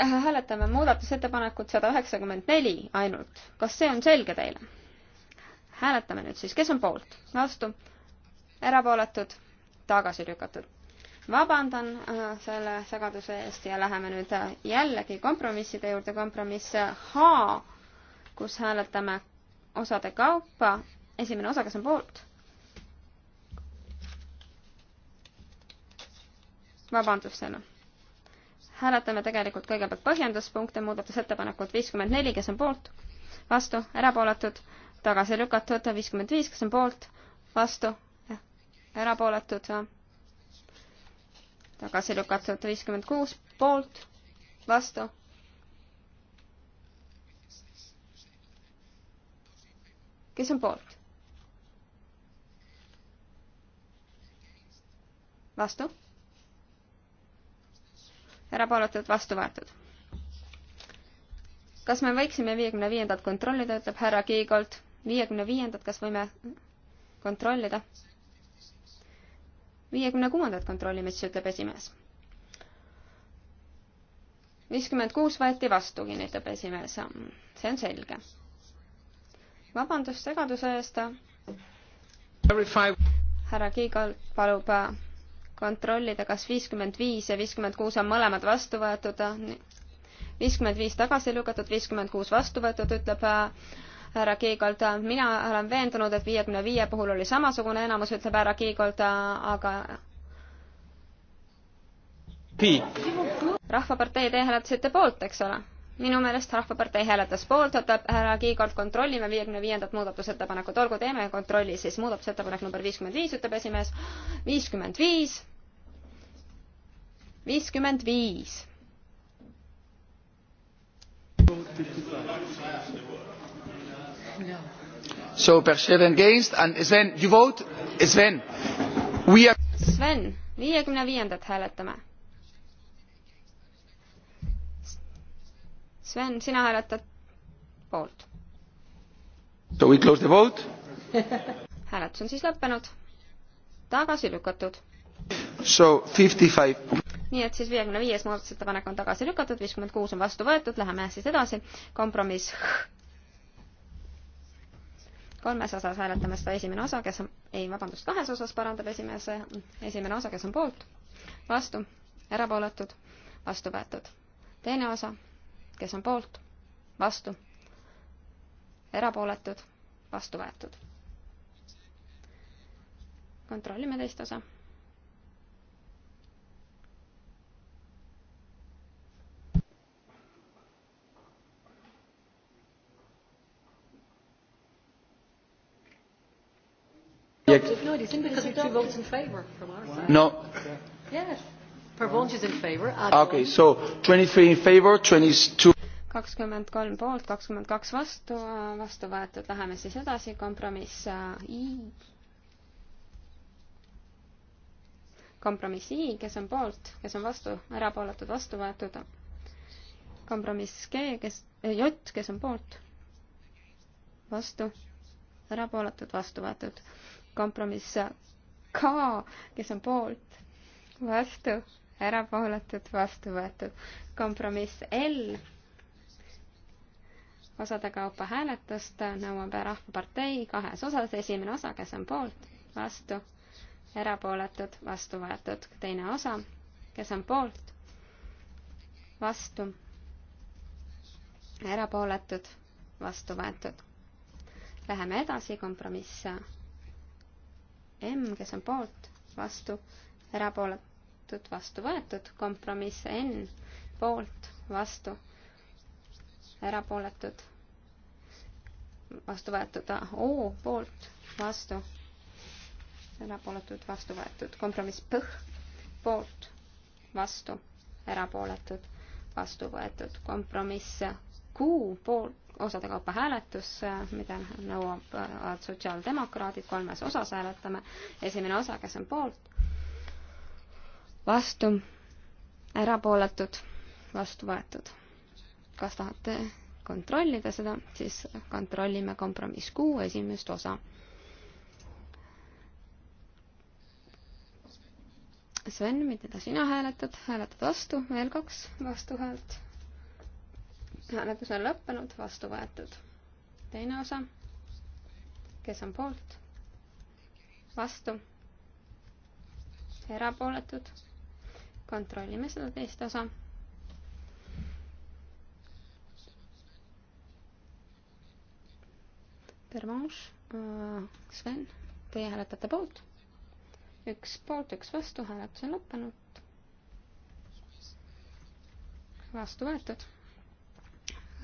C: Äh, hääletame muudatusettepanekut sada üheksakümmend neli ainult. kas see on selge teile? hääletame nüüd siis, kes on poolt, vastu, erapooletud, tagasi lükatud. vabandan äh, selle segaduse eest ja läheme nüüd äh, jällegi kompromisside juurde, kompromiss H, kus hääletame osade kaupa, esimene osa, kes on poolt? vabandust, Enno hääletame tegelikult kõigepealt põhjenduspunkte, muudatusettepanekut viiskümmend neli, kes on poolt, vastu, erapooletud, tagasi lükatud, viiskümmend viis, kes on poolt, vastu, erapooletud, tagasi lükatud, viiskümmend kuus, poolt, vastu. kes on poolt? vastu erapooletud, vastu võetud. kas me võiksime viiekümne viiendat kontrollida, ütleb härra Kiigolt. viiekümne viiendat, kas võime kontrollida? viiekümne kuuendat kontrollime, siis ütleb esimees. viiskümmend kuus võeti vastu, kinnitab esimees. see on selge. vabandust segaduse eest. härra Kiigol palub kontrollida, kas viiskümmend viis ja viiskümmend kuus on mõlemad vastu võetud. viiskümmend viis tagasi lükatud, viiskümmend kuus vastu võetud, ütleb äh, härra Kiigold. mina olen veendunud, et viiekümne viie puhul oli samasugune enamus, ütleb härra Kiigold, aga rahvapartei, te hääletasite poolt, eks ole? minu meelest Rahvapartei hääletas poolt, oota, härra Kiigolt kontrollime viiekümne viiendat muudatusettepanekut, olgu, teeme kontrolli siis, muudatusettepanek number viiskümmend viis, ütleb esimees, viiskümmend viis, viiskümmend viis.
A: So Berchel against and Sven, you vote, Sven, we are
C: Sven, viiekümne viiendat hääletame Sven, sina hääletad poolt.
A: So we close the vote
C: hääletus on siis lõppenud. tagasi lükatud.
A: So fifty five.
C: nii et siis viiekümne viies muudatusettepanek on tagasi lükatud, viiskümmend kuus on vastu võetud, läheme siis edasi. kompromiss. kolmes osas hääletame seda esimene osa, kes on, ei, vabandust, kahes osas parandab esimese, esimene osa, kes on poolt, vastu, erapooletud, vastu võetud. teine osa kes on poolt, vastu, erapooletud, vastu võetud. kontrollime teist osa. No, Pervonge is in favor. Ah, okay, so
A: 23 in favor, 22
C: kakskümmend kolm poolt, kakskümmend kaks vastu, vastu võetud, läheme siis edasi, kompromiss äh, I. kompromiss I, kes on poolt, kes on vastu, erapooletud, vastu võetud. kompromiss G, kes, äh, J, kes on poolt, vastu, erapooletud, vastu võetud. kompromiss K, kes on poolt, vastu, erapooletud, vastu võetud. kompromiss L osade kaupa hääletust nõuab Rahvapartei kahes osas, esimene osa, kes on poolt, vastu, erapooletud, vastu võetud, teine osa, kes on poolt, vastu, erapooletud, vastu võetud. Läheme edasi, kompromiss M, kes on poolt, vastu, erapooletud erapooletud, vastu võetud, kompromiss N poolt, vastu, erapooletud, vastu võetud O poolt, vastu, erapooletud, vastu võetud, kompromiss P poolt, vastu, erapooletud, vastu võetud, kompromiss Q poolt, osade kaupa hääletus, mida nõuab äh, sotsiaaldemokraadid, kolmes osas hääletame. esimene osa, kes on poolt, vastu, erapooletud, vastu võetud. kas tahate kontrollida seda, siis kontrollime kompromiss kuu esimest osa. Sven, mida sina hääletad, hääletad vastu, veel kaks vastuhäält. hääletus on lõppenud, vastu võetud. teine osa, kes on poolt, vastu, erapooletud kontrollime seda teist osa. Pervanche, äh, Sven, teie hääletate poolt? üks poolt, üks vastu, hääletus on lõppenud. vastu võetud.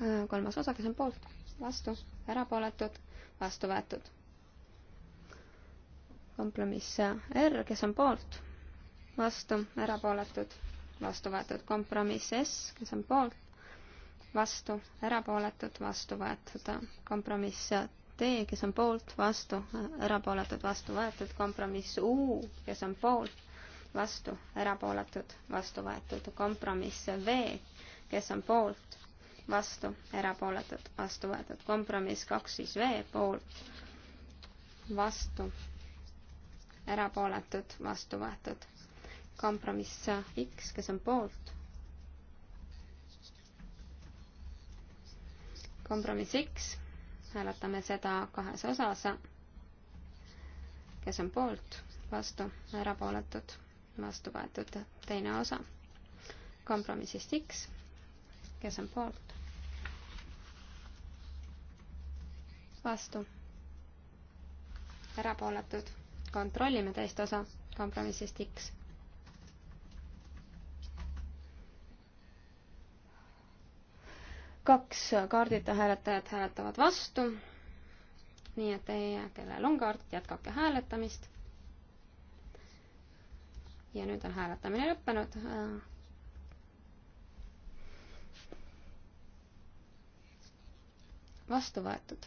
C: Äh, kolmas osa, kes on poolt, vastu, erapooletud, vastu võetud. kompromiss R, kes on poolt vastu, erapooletud, vastu võetud kompromiss S, kes on poolt, vastu, erapooletud, vastu võetud kompromiss T, kes on poolt, vastu, erapooletud, vastu võetud kompromiss U, kes on poolt, vastu, erapooletud, vastu võetud kompromiss V, kes on poolt, vastu, erapooletud, vastu võetud kompromiss kaks siis V poolt, vastu, erapooletud, vastu võetud kompromiss X, kes on poolt. kompromiss X, hääletame seda kahes osas. kes on poolt, vastu, erapooletud, vastu võetud, teine osa. kompromissist X, kes on poolt, vastu, erapooletud, kontrollime teist osa kompromissist X kaks kaardita hääletajat hääletavad vastu. nii et teie, kellel on kaart, jätkake hääletamist. ja nüüd on hääletamine lõppenud. vastu võetud.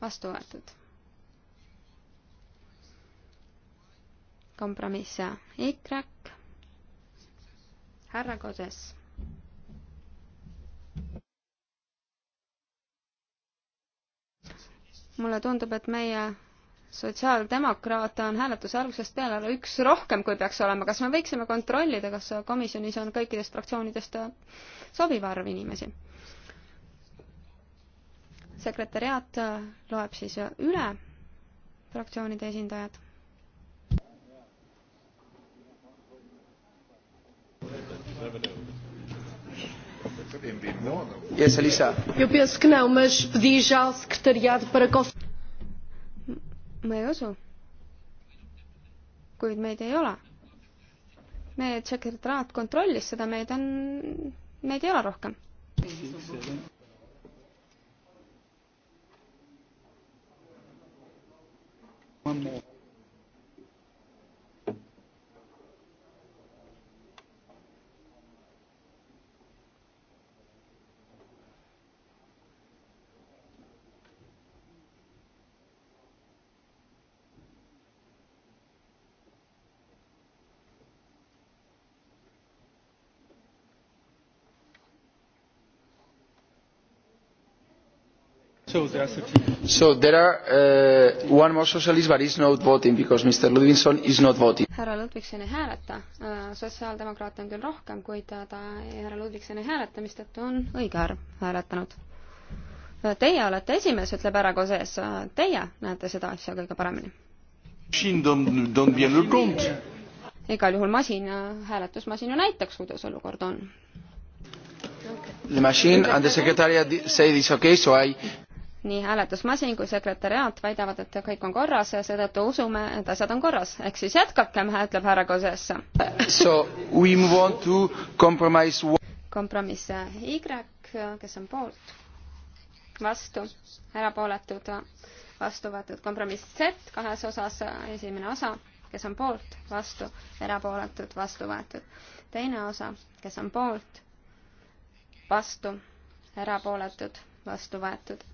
C: vastu võetud. kompromiss ja ikrak härra Kodes. mulle tundub, et meie sotsiaaldemokraate on hääletuse algusest peale üks rohkem, kui peaks olema. kas me võiksime kontrollida, kas komisjonis on kõikidest fraktsioonidest sobiv arv inimesi? sekretäriaat loeb siis üle fraktsioonide esindajad
E: Yes, Elisa. Eu penso que não, mas pedi já ao secretariado para
C: ma ei usu. kuid meid ei ole. meie sekretariaat kontrollis seda, meid on, meid ei ole rohkem.
E: One more. So there, so
A: there are uh, one more socialist but is not voting because Mr Ludvigson is not voting.
C: härra Ludvigson ei hääleta, äh, sotsiaaldemokraate on küll rohkem, kuid ta, ta härra Ludvigson ei hääleta, mistõttu on õige arv hääletanud. Äh, teie olete esimees, ütleb härra Koses, äh, teie näete seda asja kõige paremini. igal juhul masin, hääletusmasin ju näitaks, kuidas olukord on.
A: The machine and the secretariat say this okay, so I
C: nii hääletusmasin kui sekretäriaat väidavad, et kõik on korras ja seetõttu usume, et asjad on korras. ehk siis jätkakem, ütleb härra Koses. kompromiss Y, kes on poolt, vastu, erapooletud, vastu võetud. kompromiss Z kahes osas, esimene osa, kes on poolt, vastu, erapooletud, vastu võetud. teine osa, kes on poolt, vastu, erapooletud, vastu võetud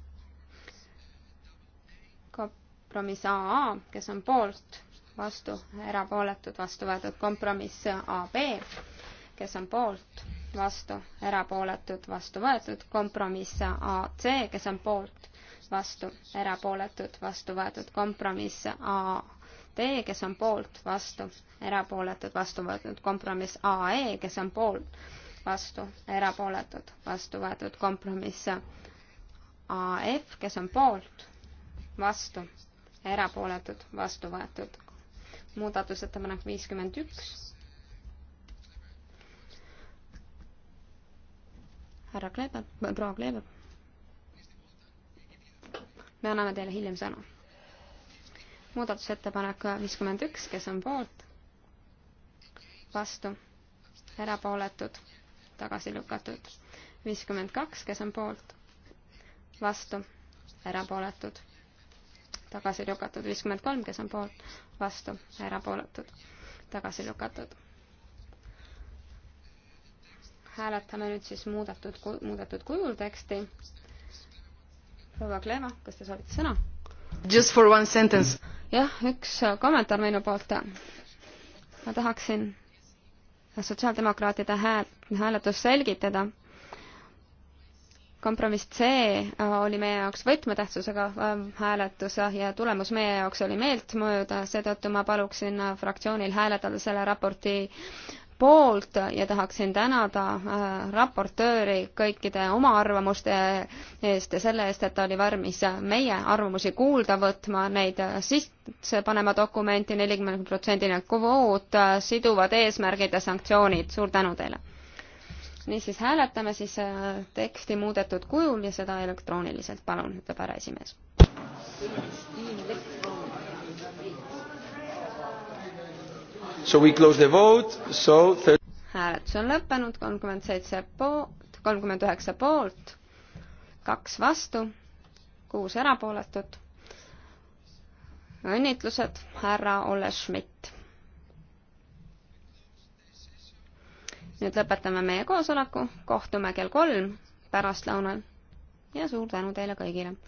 C: kompromiss AA, kes on poolt, vastu, erapooletud, vastu võetud kompromiss AB, kes on poolt, vastu, erapooletud, vastu võetud, kompromiss AC, kes on poolt, vastu, erapooletud, vastu võetud, kompromiss AD, kes on poolt, vastu, erapooletud, vastu võetud, kompromiss AE, kes on poolt, vastu, erapooletud, vastu võetud, kompromiss AF, kes on poolt, vastu, erapooletud, vastu võetud. muudatusettepanek viiskümmend üks. härra Kleber, äh, proua Kleber. me anname teile hiljem sõna. muudatusettepanek viiskümmend üks, kes on poolt? vastu, erapooletud, tagasi lükatud. viiskümmend kaks, kes on poolt? vastu, erapooletud tagasi lükatud, viiskümmend kolm, kes on poolt, vastu, erapooletud, tagasi lükatud. hääletame nüüd siis muudetud, muudetud kujul teksti. proua Kleva, kas te soovite sõna? Just for one sentence. jah, üks kommentaar minu poolt. ma tahaksin sotsiaaldemokraatide hääl, hääletust selgitada kompromiss C äh, oli meie jaoks võtmetähtsusega ähm, hääletus äh, ja tulemus meie jaoks oli meeltmööda, seetõttu ma paluksin äh, fraktsioonil hääletada selle raporti poolt ja tahaksin tänada raportööri kõikide oma arvamuste eest ja selle eest, et ta oli valmis meie arvamusi kuulda võtma, neid sisse panema dokumenti, nelikümmend protsendine kvoot, siduvad eesmärgid ja sanktsioonid, suur tänu teile! niisiis hääletame siis äh, teksti muudetud kujul ja seda elektrooniliselt, palun, ütleb härra esimees.
A: So we close the vote, so
C: hääletus on lõppenud, kolmkümmend seitse poolt, kolmkümmend üheksa poolt, kaks vastu, kuus erapooletut. õnnitlused, härra Olle Schmidt nüüd lõpetame meie koosoleku, kohtume kell kolm pärastlõunal ja suur tänu teile kõigile!